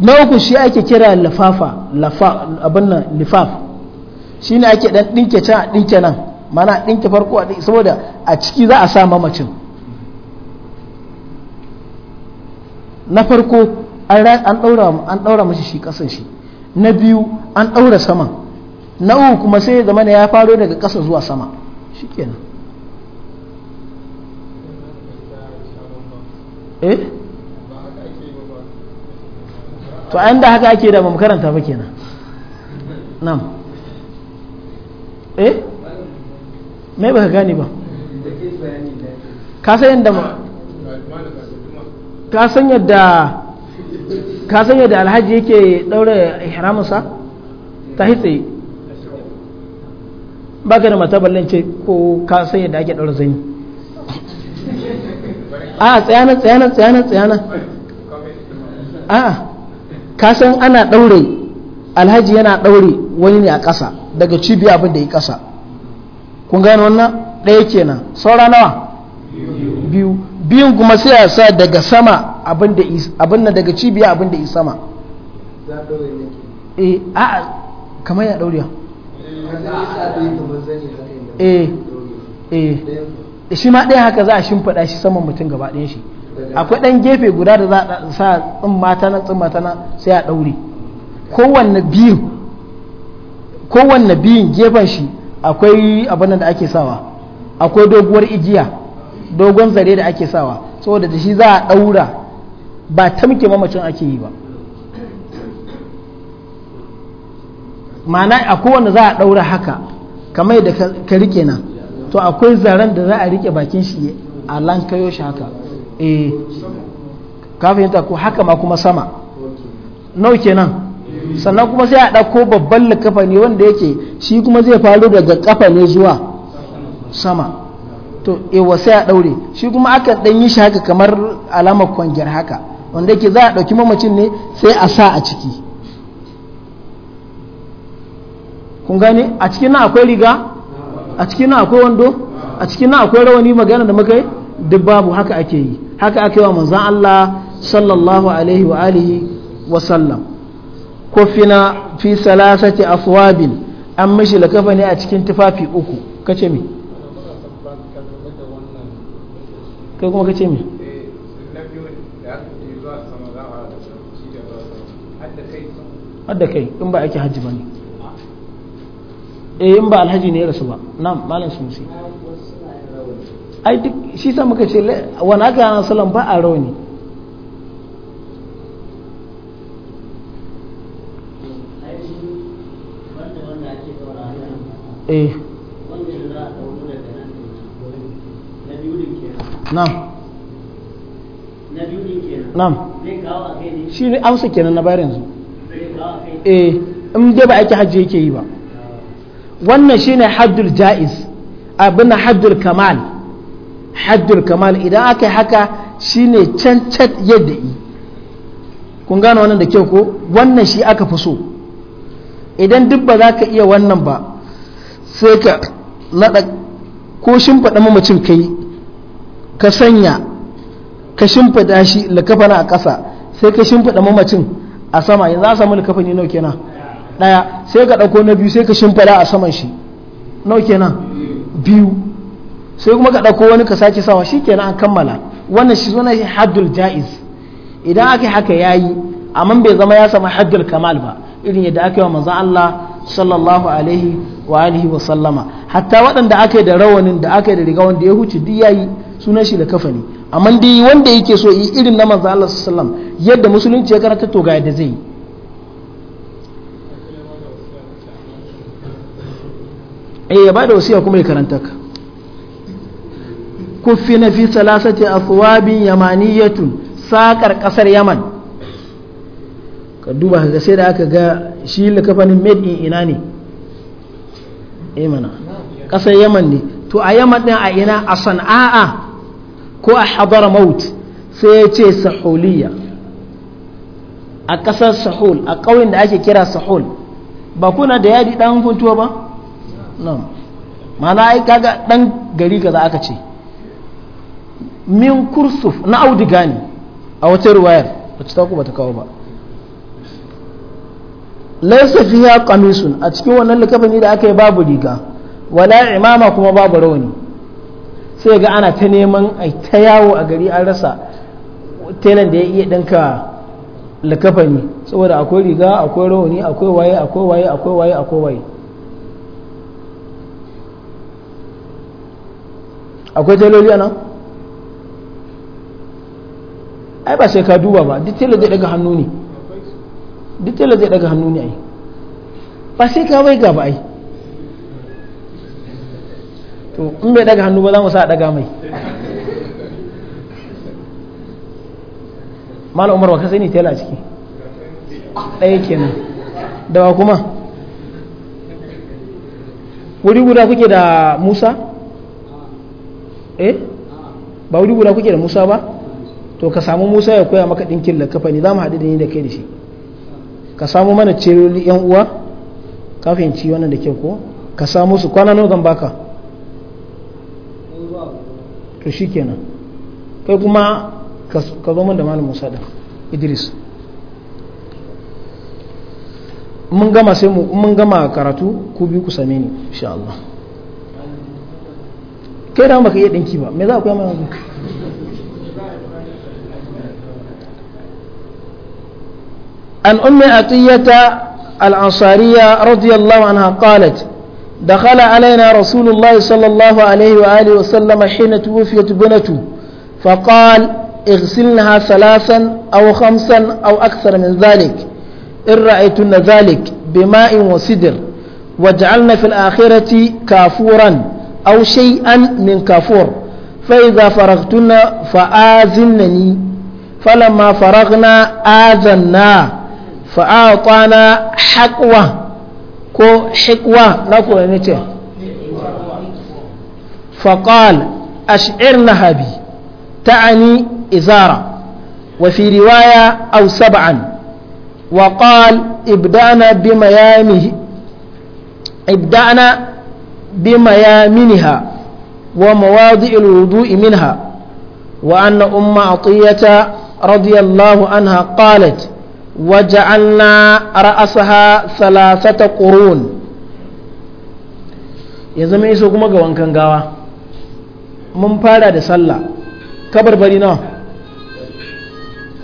na uku shi ake kira lafafa abin nan lifaf shi ne ake ɗan ɗinke can a ɗinke nan mana ɗinke farko a ɗinke saboda a ciki za a sa mamacin na farko an ɗaura mashi shi ƙasan shi na biyu an ɗaura saman na uku kuma sai ya zama ya faro daga ƙasa zuwa sama shi kenan eh to an da haka ake da makaranta ba kenan nan eh Mai baka ba ka san yadda ka san yadda alhaji yake daure ihraminsa ta hitse ba ka da matabalin ce ko ka san yadda ake ɗaure Zani a tsayana tsayana tsayana tsayana a ka san ana daure alhaji yana daure wani ne a ƙasa daga cibiya abin da ya ƙasa kun gane wannan ɗaya kenan saura nawa biyu biyun kuma sai a sa daga sama abin da daga cibiya abin da isama eh a kamar ya ɗauriya eh eh shi ma ɗaya haka za a shimfiɗa shi saman mutum gaba ɗin shi akwai ɗan gefe guda da za a sa tsin mata na tsin mata na sai a ɗaure kowanne biyun kowanne biyun gefen shi akwai abin da ake sawa akwai doguwar igiya dogon zare da ake sawa saboda da shi za a daura ba tamke mamacin ake yi ba ma'ana a kowanne za a daura haka kamar yadda ka rike nan to akwai zaren da za a rike bakin shi a lankayo shi haka eh ka fahimta ko haka ma kuma sama nau kenan sannan kuma sai a ɗauko babban likafa ne wanda yake shi kuma zai faru daga kafa ne zuwa sama to ewa sai a ɗaure shi kuma aka ɗan yi shi haka kamar alamar kwangiyar haka wanda yake za a ɗauki mamacin ne sai a sa a ciki kun gane a cikin nan akwai riga a cikin nan akwai wando a cikin nan akwai rawani magana da muka yi duk babu haka ake yi haka ake wa manzan Allah sallallahu alaihi wa alihi wa sallam kufina fi salasati aswabin an mishi lakafa ne a cikin tufafi uku kace me kai kuma kace me hadda kai in ba ake hajji ba ne eh in ba alhaji ne ya rasu ba na malam sumsi ai duk shi sa muka ce wani aka yana salon ba a rauni eh na'am shi ne amsa kenan na bayar yanzu eh in dai ba ake hajji yake yi ba wannan shine haddul ja'iz abin haddul kamal haddul kamal idan aka yi haka shine cancat yadda yi kun gano wannan da kyau ko wannan shi aka fi so idan duk ba za ka iya wannan ba sai ka naɗa ko shimfiɗa mamacin kai ka sanya ka shimfiɗa shi likafana a ƙasa sai ka shimfiɗa mamacin a sama yanzu a samu ne nau kenan ɗaya sai ka ɗauko na biyu sai ka shimfiɗa a saman shi nau kenan biyu sai kuma ka ɗauko wani ka sake sawa shi kenan an kammala wannan shi suna shi haddul ja'iz idan aka haka yayi amma bai zama ya samu haddul kamal ba irin yadda aka yi wa manzon Allah sallallahu alaihi wa alihi wa sallama hatta waɗanda aka yi da rawanin da aka yi da riga wanda ya huce duk yayi sunan shi da ne amma dai wanda yake so yi irin na manzo Allah sallam yadda musulunci ya karanta to ga yadda zai eh ya bada wasiya kuma ya karanta ka kufina fi salasati athwabin yamaniyatun sakar kasar yaman ka duba ga sai da aka ga shi likafanin made in ina ne imana eh, kasar yaman ne to a yaman ɗin a ina a sana'a ko a hadar maut sai ya ce sahuliya a ƙasar sahul a ƙauyen da ake kira sahul ba kuna da yadi ɗan kuntuwa ba no mana ai kaga ɗan gari za aka ce min kursuf na audigani ne a wata ruwayar wacce ta ku ta kawo ba laisa fiha kamisun a cikin wannan likafin da aka yi babu riga wala imama kuma babu rauni sai ga ana ta neman ai ta yawo a gari an rasa telan da ya iya ɗinka likafani saboda akwai riga akwai rauni akwai waye akwai waye akwai waye akwai waye akwai teloli ana ai ba sai ka duba ba duk tela zai daga hannu ne duk tela zai daga hannu ne ai ba sai ka wai gaba ai to in bai daga hannu ba za mu sa daga mai malam umar ka sani tela ciki ɗaya kenan da ba kuma wuri guda kuke da musa eh ba wuri guda kuke da musa ba to ka samu musa ya koya maka ɗinkin lakafa ne za mu haɗu da ni da kai da shi ka samu mana ceroli yan uwa ka fahimci wannan da ke ko ka samu su kwana nawa zan baka to shikenan kai kuma ka zo min da malam Musa da Idris mun gama sai mu mun gama karatu ku bi ku same ni insha Allah kai da maka iya dinki ba me za ku yi mai عن أم أطية الأنصارية رضي الله عنها قالت دخل علينا رسول الله صلى الله عليه وآله وسلم حين توفيت بنته فقال اغسلنها ثلاثا أو خمسا أو أكثر من ذلك إن رأيتن ذلك بماء وسدر واجعلن في الآخرة كافورا أو شيئا من كافور فإذا فرغتن فآذنني فلما فرغنا آذنا فأعطانا حقوة كو حقوة na kuwa يعني فقال ce faƙal تعني إزارة وفي رواية أو سبعا وقال ابدأنا بميامه ابدأنا بميامنها ومواضع الوضوء منها وأن أم عطية رضي الله عنها قالت waja'alna ra'asaha salasata qurun yanzu mai iso kuma ga wankan gawa mun fara da sallah kabarbari nawa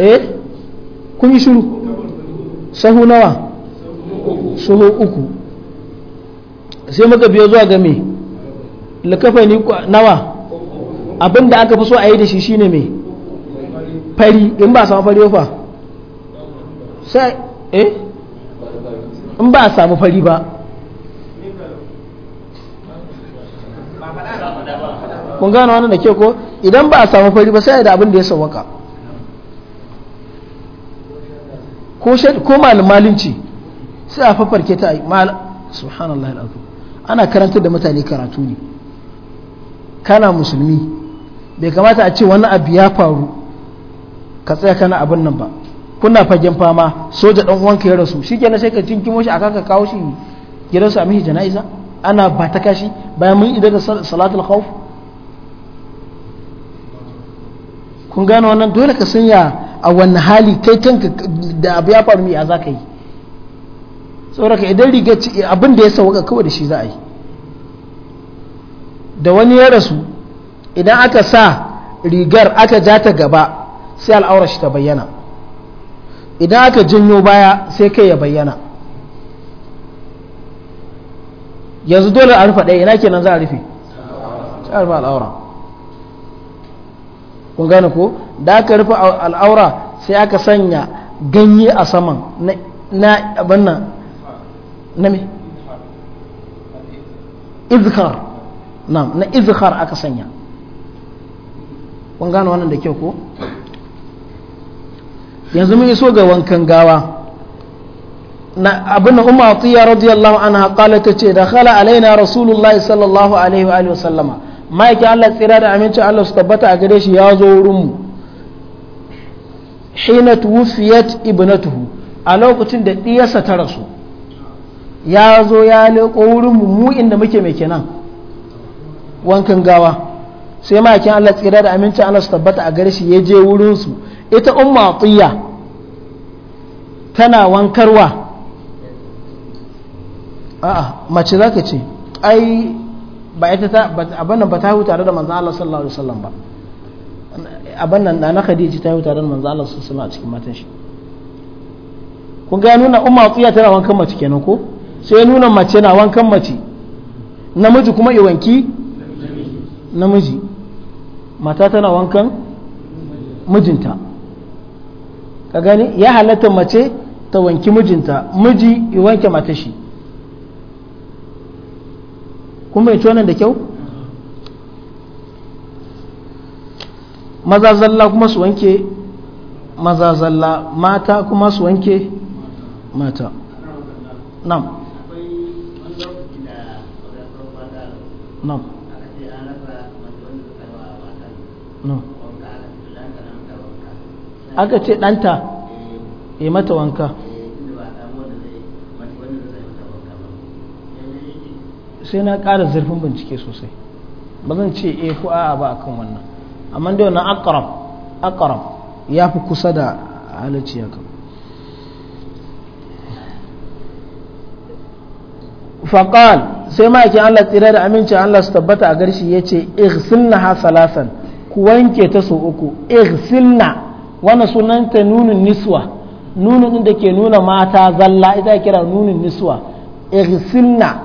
eh kun yi shiru sahu nawa sahu uku sai muka biyo zuwa ga me likafani nawa abinda aka fi so a yi da shi shine mai. fari in ba samu fari fa sai eh in ba a samu fari ba kun gano wani da ke ko idan ba a samu fari ba sai da abin da ya sawaka ko malamalinci sai a fafarke ta mal subhanallah al'adu ana karantar da mutane karatu ne kana musulmi bai kamata a ce wani abu ya faru ka tsaya kana abin nan ba kuna fagen fama soja uwan ka ya rasu na sai ka cinkimo shi kan ka kawo shi gidansu a mishi jana'iza ana ba ta kashi bayan mun idan da salatul khawf kun gano wannan dole ka sanya a wannan hali kai kanka da abu ya faru me ya za ka yi tsoraka idan riga abin da ya sauka kawai da shi za a yi da wani ya rasu idan aka sa rigar aka ja ta gaba sai al'aurar shi ta bayyana idan aka janyo baya sai kai ya bayyana yanzu dole a rufe ɗaya ina kenan za a rufe sai a al'aura kun gane ko da aka rufe al'aura sai aka sanya ganye a saman na abin nan na me izhar na izhar aka sanya kun gane wannan da kyau ko yanzu mun iso ga wankan gawa na abin umar tiya radiyallahu anha qala ta ce dakhala alaina rasulullahi sallallahu alaihi wa sallama ma'aikin Allah tsira da amincin Allah su tabbata a gare shi ya zo wurin mu hina tuwufiyat ibnatuhu a lokacin da diyarsa ta rasu ya zo ya leko wurin mu mu inda muke mai kenan wankan gawa sai ma'aikin Allah tsira da amincin Allah su tabbata a gare shi ya je wurin su ita umma atiya tana wankarwa a mace zaka ce ai ba ita ta abin nan ba ta tare da manzo Allah sallallahu alaihi wasallam ba abin nan da na Khadija ta tare da manzo Allah sallallahu alaihi wasallam a cikin matan shi kun ga nuna umma tsiya tana wankan mace kenan ko sai nuna mace na wankan mace namiji kuma i wanki namiji mata tana wankan mijinta ka gani ya halatta mace ta wanki mijinta miji ya wanke mata shi kun ya wannan da kyau mazazalla kuma su wanke mazazalla mata kuma su wanke mata nam nam nam aka ce ɗanta ya mata wanka sai na ƙara zurfin bincike sosai ba zan ce eh ko a'a ba akan wannan amma da wannan akaram akaram ya fi kusa da halacci haka faƙal sai ma'aikin allah tsira da amincin allah su tabbata a garshi ya ce ihsinna ha salasan ku wanke ta so uku ihsinna wannan sunanta nunin niswa nunin din da ke nuna mata zalla ita kira nunin niswa irsilna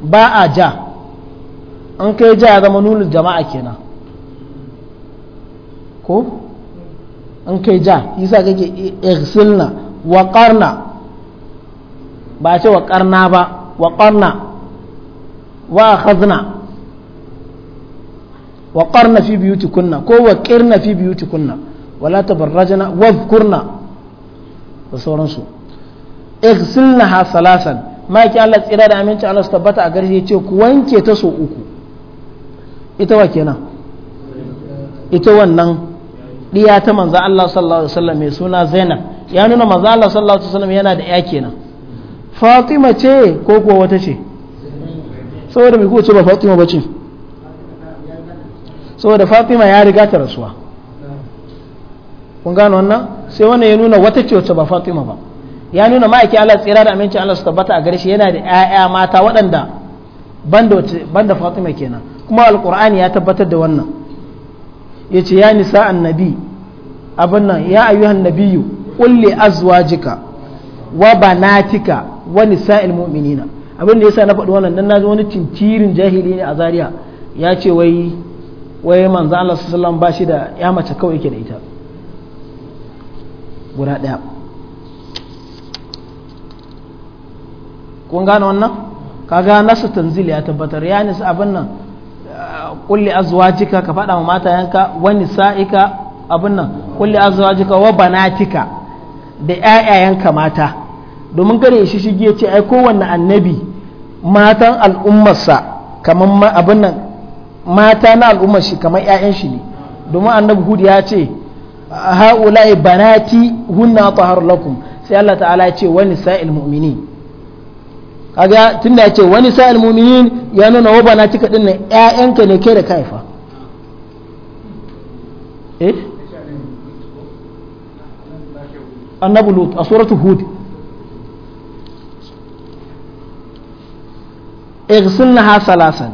ba a ja an kai ja zama nunin jama'a kenan ko an kai ja yasa kake irsilna wa qarna ba ce wa qarna ba wa qarna wa khazna wa qarna fi biyutikunna ko wa qirna fi biyutikunna wala tabarrajna wadhkurna da sauransu igsilnaha salasan maki Allah tsira da aminci Allah su tabbata a garshe ce ku wanke ta so uku ita wa kenan ita wannan diya ta manzo Allah sallallahu alaihi wasallam mai suna Zainab ya nuna manzo Allah sallallahu alaihi wasallam yana da ya kenan Fatima ce ko kuwa wata ce saboda mai kuce ba Fatima ba ce saboda Fatima ya riga ta rasuwa kun gano wannan sai wannan ya nuna wata ce wacce ba fatima ba ya nuna ma'aiki Allah tsira da amincin Allah su tabbata a gare shi yana da 'ya'ya mata waɗanda banda fatima kenan kuma alkur'ani ya tabbatar da wannan ya ce ya nisa annabi abin nan ya ayyuhan nabiyyu qulli azwajika wa banatika wa nisa'il mu'minina abin da yasa na faɗi wannan dan naji wani tintirin jahili ne a Zariya ya ce wai wai manzo Allah sallallahu alaihi wasallam ba shi da ya mace kawai yake da ita guda ɗaya kun gane wannan kaga nasu tanzil ya tabbatar ya nisa abin nan uh, kulli azwajika ka faɗa ma mata yanka wani sa'ika abin nan kulli azwajika wa banatika da ƴaƴayenka mata domin gare shi shige ce ai kowanne annabi matan al'ummarsa kamar abin nan mata na al'ummar shi kamar ƴaƴan shi ne domin annabi hud ya ce ha'ula'i banati hunna tahar lakum sai Allah ta'ala ya ce wa nisa'il mu'minin kaga tunda ya ce wa nisa'il mu'minin ya nuna wa banati ka dinnan ƴaƴanka ne kai da kaifa eh annabi lut a suratu hud igsilnaha salasan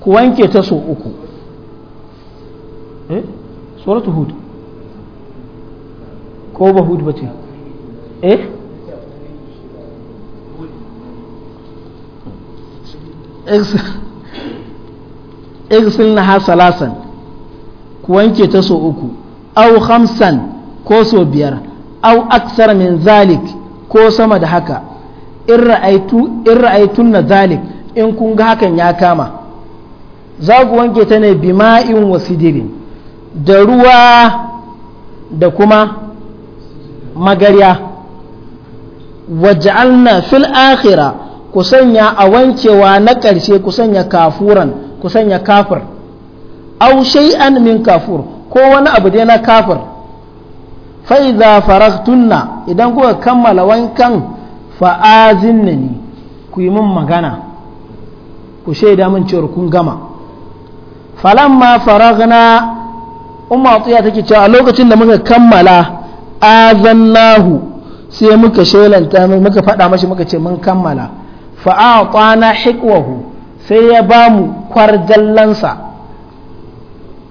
ku wanke ta so uku eh ko ba hud bace eh irsin na salasan ku wanke ta so uku au hamsan ko so biyar au aksar min zalik ko sama da haka in ra'aitun na zalik in kun ga hakan ya kama za ku wanke ta ne bima'in wasidirin da ruwa da kuma magarya waj'alna fil akhirah ku sanya a wankewa na ƙarshe ku sanya kafuran ku sanya kafir aw shay'an min kafur ko wani abu dai na kafir fa idza faraghtunna idan kuka kammala wankan fa azinnani ku yi min magana ku shaida min cewa kun gama falamma faragna umma tsiya take cewa a lokacin da muka kammala azallahu sai muka shelanta muka faɗa mashi muka ce mun kammala fa'atana hikwahu sai ya ba mu kwarjallansa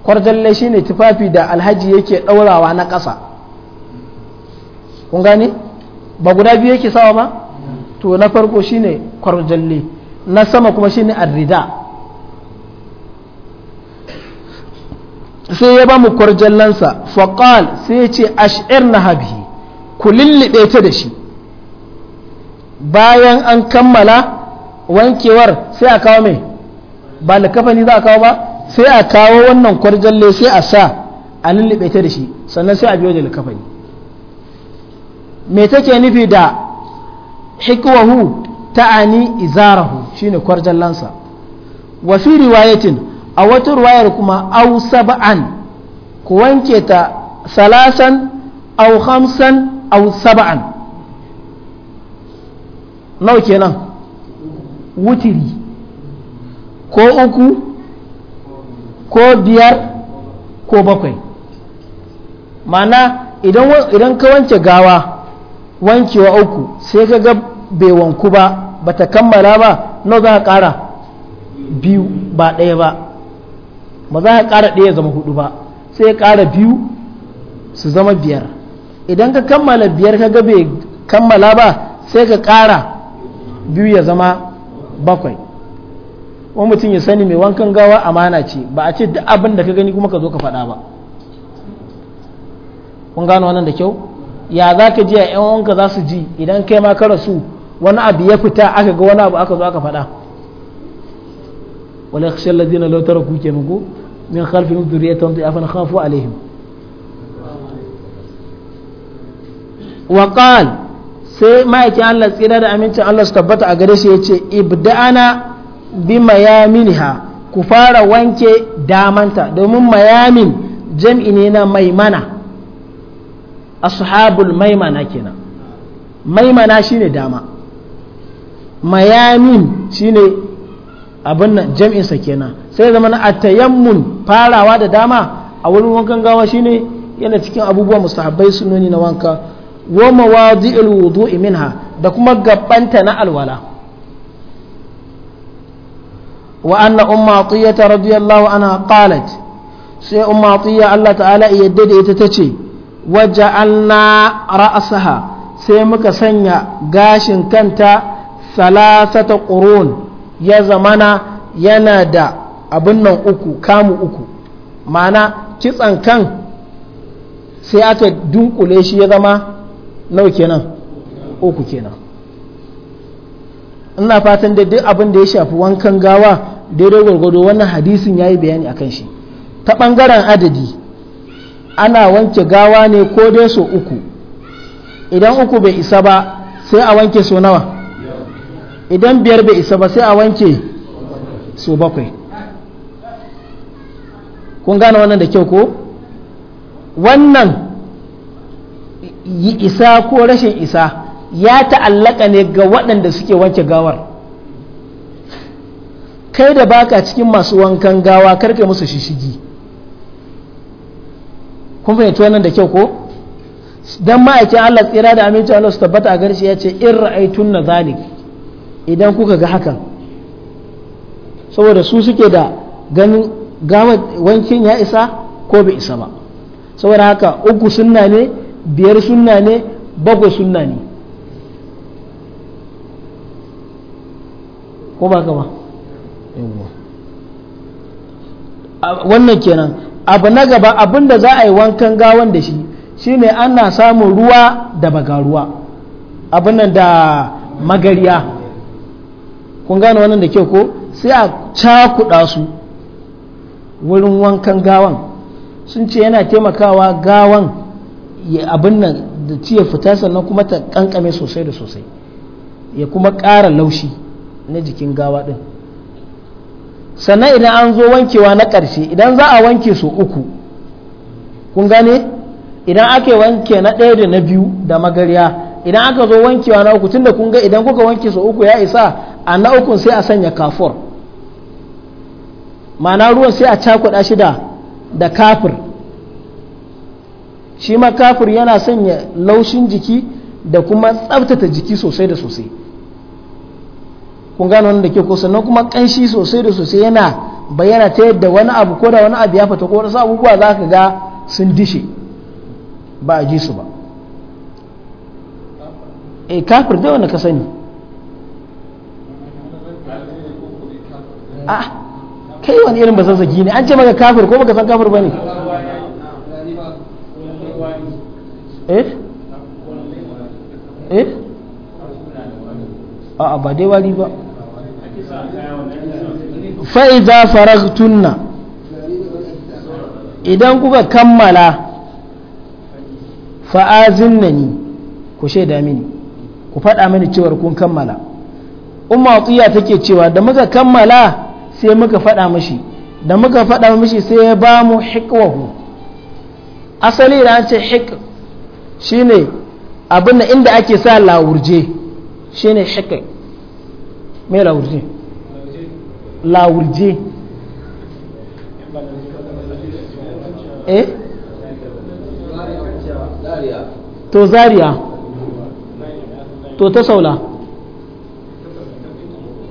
kwarjalle shine tufafi da alhaji yake ɗaurawa na kasa kun gane ba guda biyu yake sawa ba to na farko shine kwarjalle na sama kuma shine arrida sai ya ba mu kwarjallansa faƙal sai ya ce ash'ir na habi ku lullube ta da shi bayan an kammala wankewar sai a kawo mai ba kafani za a kawo ba sai a kawo wannan kwarjalle sai a sa a lullube ta da shi sannan sai a biyo da kafani me take nufi da hikwahu ta'ani izarahu shine kwarjallansa wa fi riwayatin a wata ruwayar kuma au saba'an ku wanke ta salasan au hamsan au saba'an nau kenan wutiri ko uku ko biyar ko bakwai mana idan ka wanke gawa wankewa uku sai ka ga bai wanku ba ta kammala ba nau za ka kara biyu ba ɗaya ba ba za ka ƙara ɗaya zama hudu ba sai kara biyu su zama biyar idan ka kammala biyar ka bai kammala ba sai ka kara biyu ya zama bakwai wani mutum ya sani mai wankan gawa amana ce ba a ce duk abin da ka gani kuma ka zo ka faɗa ba kun gano wannan da kyau ya za ka ji a 'yan wanka za su ji idan kai ma ka rasu wani abu ya fita aka ga wani abu aka zo aka faɗa wala yakhsha na law taraku kenan ko من خلفهم ذرية ضعفا خافوا عليهم وقال sai ma'aikin Allah tsira da amincin Allah su tabbata a gare shi ya ce ibda'ana bi mayaminha ku fara wanke damanta domin mayamin jam'i ne na maimana ashabul maimana kenan maimana shine dama mayamin shine abin nan sa kenan sai zama na atayammun farawa da dama a wurin wankan gawa shine yana cikin abubuwa musahabai sunoni na wanka wa mawadi'ul wudu'i minha da kuma gabbanta na alwala wa anna umma atiyata radiyallahu anha qalat sai umma atiya Allah ta'ala yadda da ita tace waja'alna ra'saha sai muka sanya gashin kanta salasata qurun ya zamana yana da abin nan uku kamu uku ma'ana kitsan kan sai aka dunkule shi ya zama nau kenan uku kenan ina fatan da duk abin da ya shafi wankan gawa daidai gwargwado wannan hadisin ya yi bayani akan shi ta ɓangaren adadi ana wanke gawa ne ko dai so uku idan uku bai isa ba sai a wanke so nawa idan biyar bai isa ba sai a wanke su bakwai kun gane wannan da kyau ko wannan isa ko rashin isa ya ta'allaka ne ga waɗanda suke wanke gawar kai da baka cikin masu wankan gawa karka musu shishigi kun fahimci wannan da kyau ko Don ma'aikin Allah tsira da aminci Allah su tabbata a garshi ya ce in ra'aitun na zalik idan kuka ga hakan saboda su suke da ganin gawar wankin ya isa ko bai isa ba saboda haka uku sunna ne biyar sunna ne bakwai sunna ne ko ba gaba wannan kenan abu na gaba abin da za a yi wankan gawan da shi shine ana samun ruwa da bagaruwa abin da magariya kun gane wannan da kyau ko sai a cakuɗa su wurin wankan gawan sun ce yana taimakawa gawan ya abin nan da ciye fita sannan kuma ta kankame sosai da sosai ya kuma ƙara laushi na jikin gawa ɗin sannan idan an zo wankewa na ƙarshe idan za a wanke su uku kun gane idan aka wanke na ɗaya da na biyu da magarya idan aka zo wankewa na uku tunda kun ga idan kuka wanke su uku ya isa a na ukun sai a sanya kafur ma'ana ruwan sai a cakuɗa shida da kafir shi ma kafir yana sanya laushin jiki da kuma tsabtata jiki sosai da sosai kun gano wanda ke ko sannan kuma kanshi sosai da sosai yana bayyana ta yadda wani abu ko da wani abu ya fita ko wasu abubuwa za ka ga sun dishe ba a ji su ba e eh, kafir dai wanda ka sani a kai wani irin saki ne an ce maka kafir ko baka san kafir ne eh eh a'a ba dai wari ba fa'iza faragtunna idan kuka kammala ni, ku shaida mini ku faɗa mini cewar kun kammala umma tsiya take cewa da muka kammala sai muka fada mashi da muka fada mashi sai ya ba mu hikwahu asali da an ce hik shine abin da inda ake sa lawurje shine hik mai lawurje lawurje eh to zariya to ta saula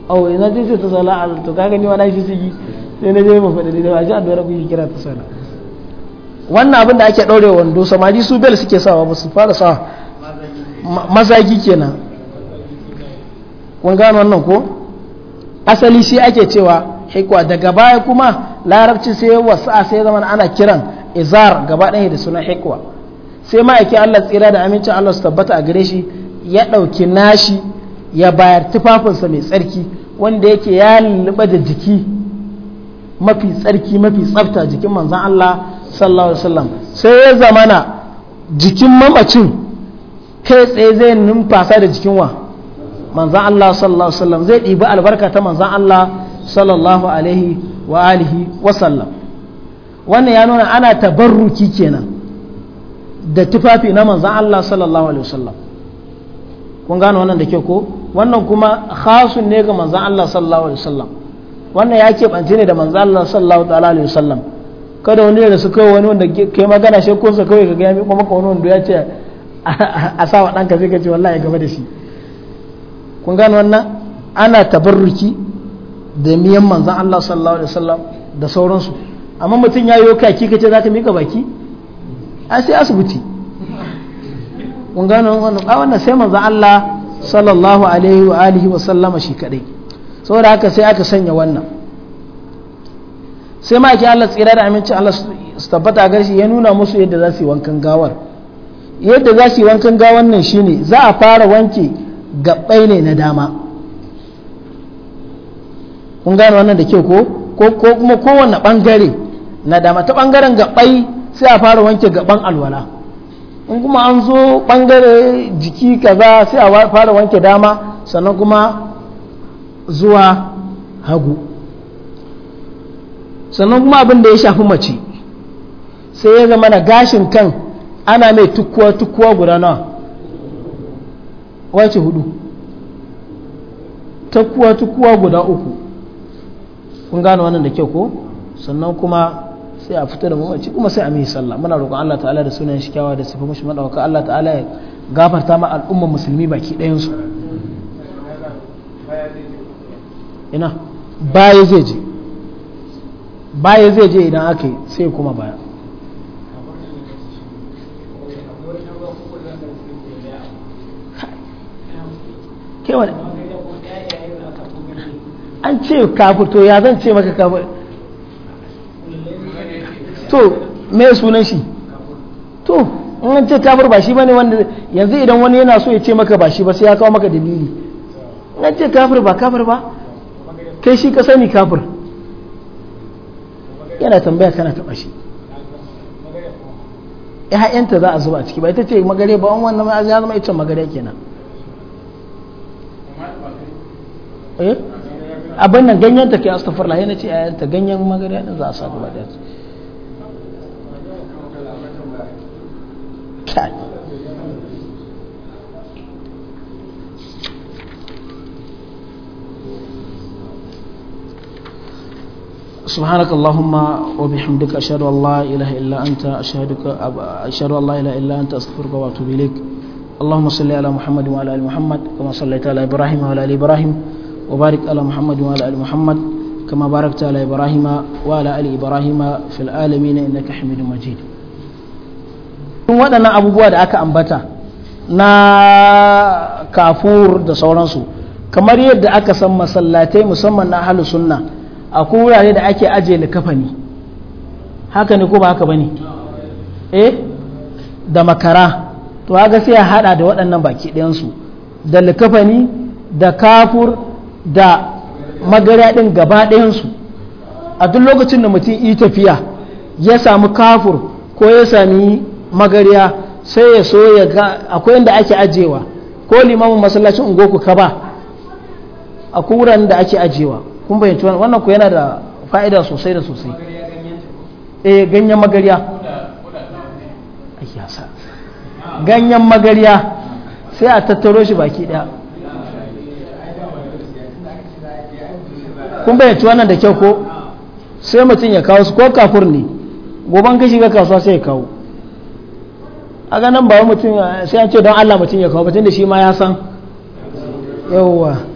awo ina je sai ta sala a to kaga ni wani shi sigi sai na je mu faɗi da ba shi addu'ar ku kira ta sala wannan abin da ake ɗaure wando samari su bel suke sawa ba su fara sawa mazaki kenan kun gano wannan ko asali shi ake cewa hikwa daga baya kuma larabci sai wasu a sai zaman ana kiran izar gaba ɗaya da suna hikwa sai ma'aikin allah tsira da amincin allah su tabbata a gare shi ya ɗauki nashi ya bayar tufafinsa mai tsarki wanda yake ya lulluɓa da jiki mafi tsarki mafi tsafta jikin manzan Allah sallallahu alaihi wasallam sai ya zamana jikin mamacin kai tsaye zai numfasa da jikin wa manzan Allah sallallahu alaihi wasallam zai ɗibi albarka ta manzan Allah sallallahu alaihi wa alihi wasallam wannan ya nuna ana tabarruki kenan da tufafi na manzan Allah sallallahu alaihi wasallam kun gano wannan da ke ko wannan kuma khasun ne ga manzon Allah sallallahu alaihi wasallam wannan ya ke bance ne da manzon Allah sallallahu ta'ala alaihi wasallam kada wani da su kai wani wanda kai magana shi ko sa kai ka ga ya maka wani wanda ya ce *laughs* a sa wa ka sai ka ce wallahi gaba da shi kun gano wannan ana tabarruki da miyan manzon Allah sallallahu alaihi wasallam da sauransu amma mutum ya yi kaki ka ce za ka miƙa baki a sai asibiti mun gano wannan ba wannan sai manzo Allah sallallahu alaihi wa alihi wa sallama shi kadai saboda haka sai aka sanya wannan sai maki Allah tsira da amincin Allah su tabbata shi, ya nuna musu yadda za su yi wankan gawar yadda za su yi wankan gawar nan shine za a fara wanke gabbai ne na dama kun gano wannan da kyau ko ko kuma kowanne bangare na dama ta bangaren gabbai sai a fara wanke gaban alwala in kuma an zo bangare jiki kaza sai a fara wanke dama sannan kuma zuwa hagu sannan kuma abin da ya shafi mace sai ya zama na gashin kan ana mai tukkuwa-tukkuwa guda nawa wace hudu tukkuwa-tukkuwa guda uku kun gane wannan da kyau ko sannan kuma sai a fito da mamaci kuma sai a mihi sallah muna roƙon Allah ta'ala da sunan shi kyawa da sifa mashi madawaka Allah ta'ala ya gafarta ma al'umma musulmi baki ɗayan su ina baya zai je baya zai je idan aka yi sai kuma baya kewa an ce kafirto ya zan ce maka kafin to me sunan shi to in an ce kafir ba shi bane wanda yanzu idan wani yana so ya ce maka ba shi ba sai ya kawo maka dalili in an ce kafir ba kafir ba kai shi ka sani kafir yana tambaya kana taba shi ‘ya'yanta za a zuba ciki ba ita ce magare ba wannan ma ya zama icen magare kenan eh? abin nan ganyen ta ke astafurla yana ce ta ganyen magare ɗin za a sa gaba ɗaya سبحانك اللهم وبحمدك أشهد أن لا إله إلا أنت أشهدك أشهد أن لا إله إلا أنت أستغفرك وأتوب إليك اللهم صل على محمد وعلى آل محمد كما صليت على إبراهيم وعلى آل إبراهيم وبارك على محمد وعلى آل محمد كما باركت على إبراهيم وعلى آل إبراهيم في العالمين إنك حميد مجيد sun waɗannan abubuwa da aka ambata na kafur da sauransu kamar yadda aka san masallatai musamman na halu sunna akwai wurare da ake ajiye likafani haka ne ko ba haka bane eh da makara to haka sai ya hada da waɗannan baki ɗayansu da likafani da kafur da ɗin gaba ɗayansu a duk lokacin da mutum yi tafiya ya sami kafur ko ya sami magariya sai ya so ya ga akwai inda ake ajewa ko limamin masallacin ungoku ka ba a kuran da ake ajewa kun bayyanci wannan ku yana da fa'ida sosai da sosai eh ganyen magarya ganyen magariya sai a tattaro shi baki daya kun bayyanci wannan da kyau ko sai mutum ya kawo su ko kafur ne goban gashi ga kasuwa sai ya kawo a ganin ba mutum sai an ce don Allah mutum ya kawo mutum da shi ma ya san yawwa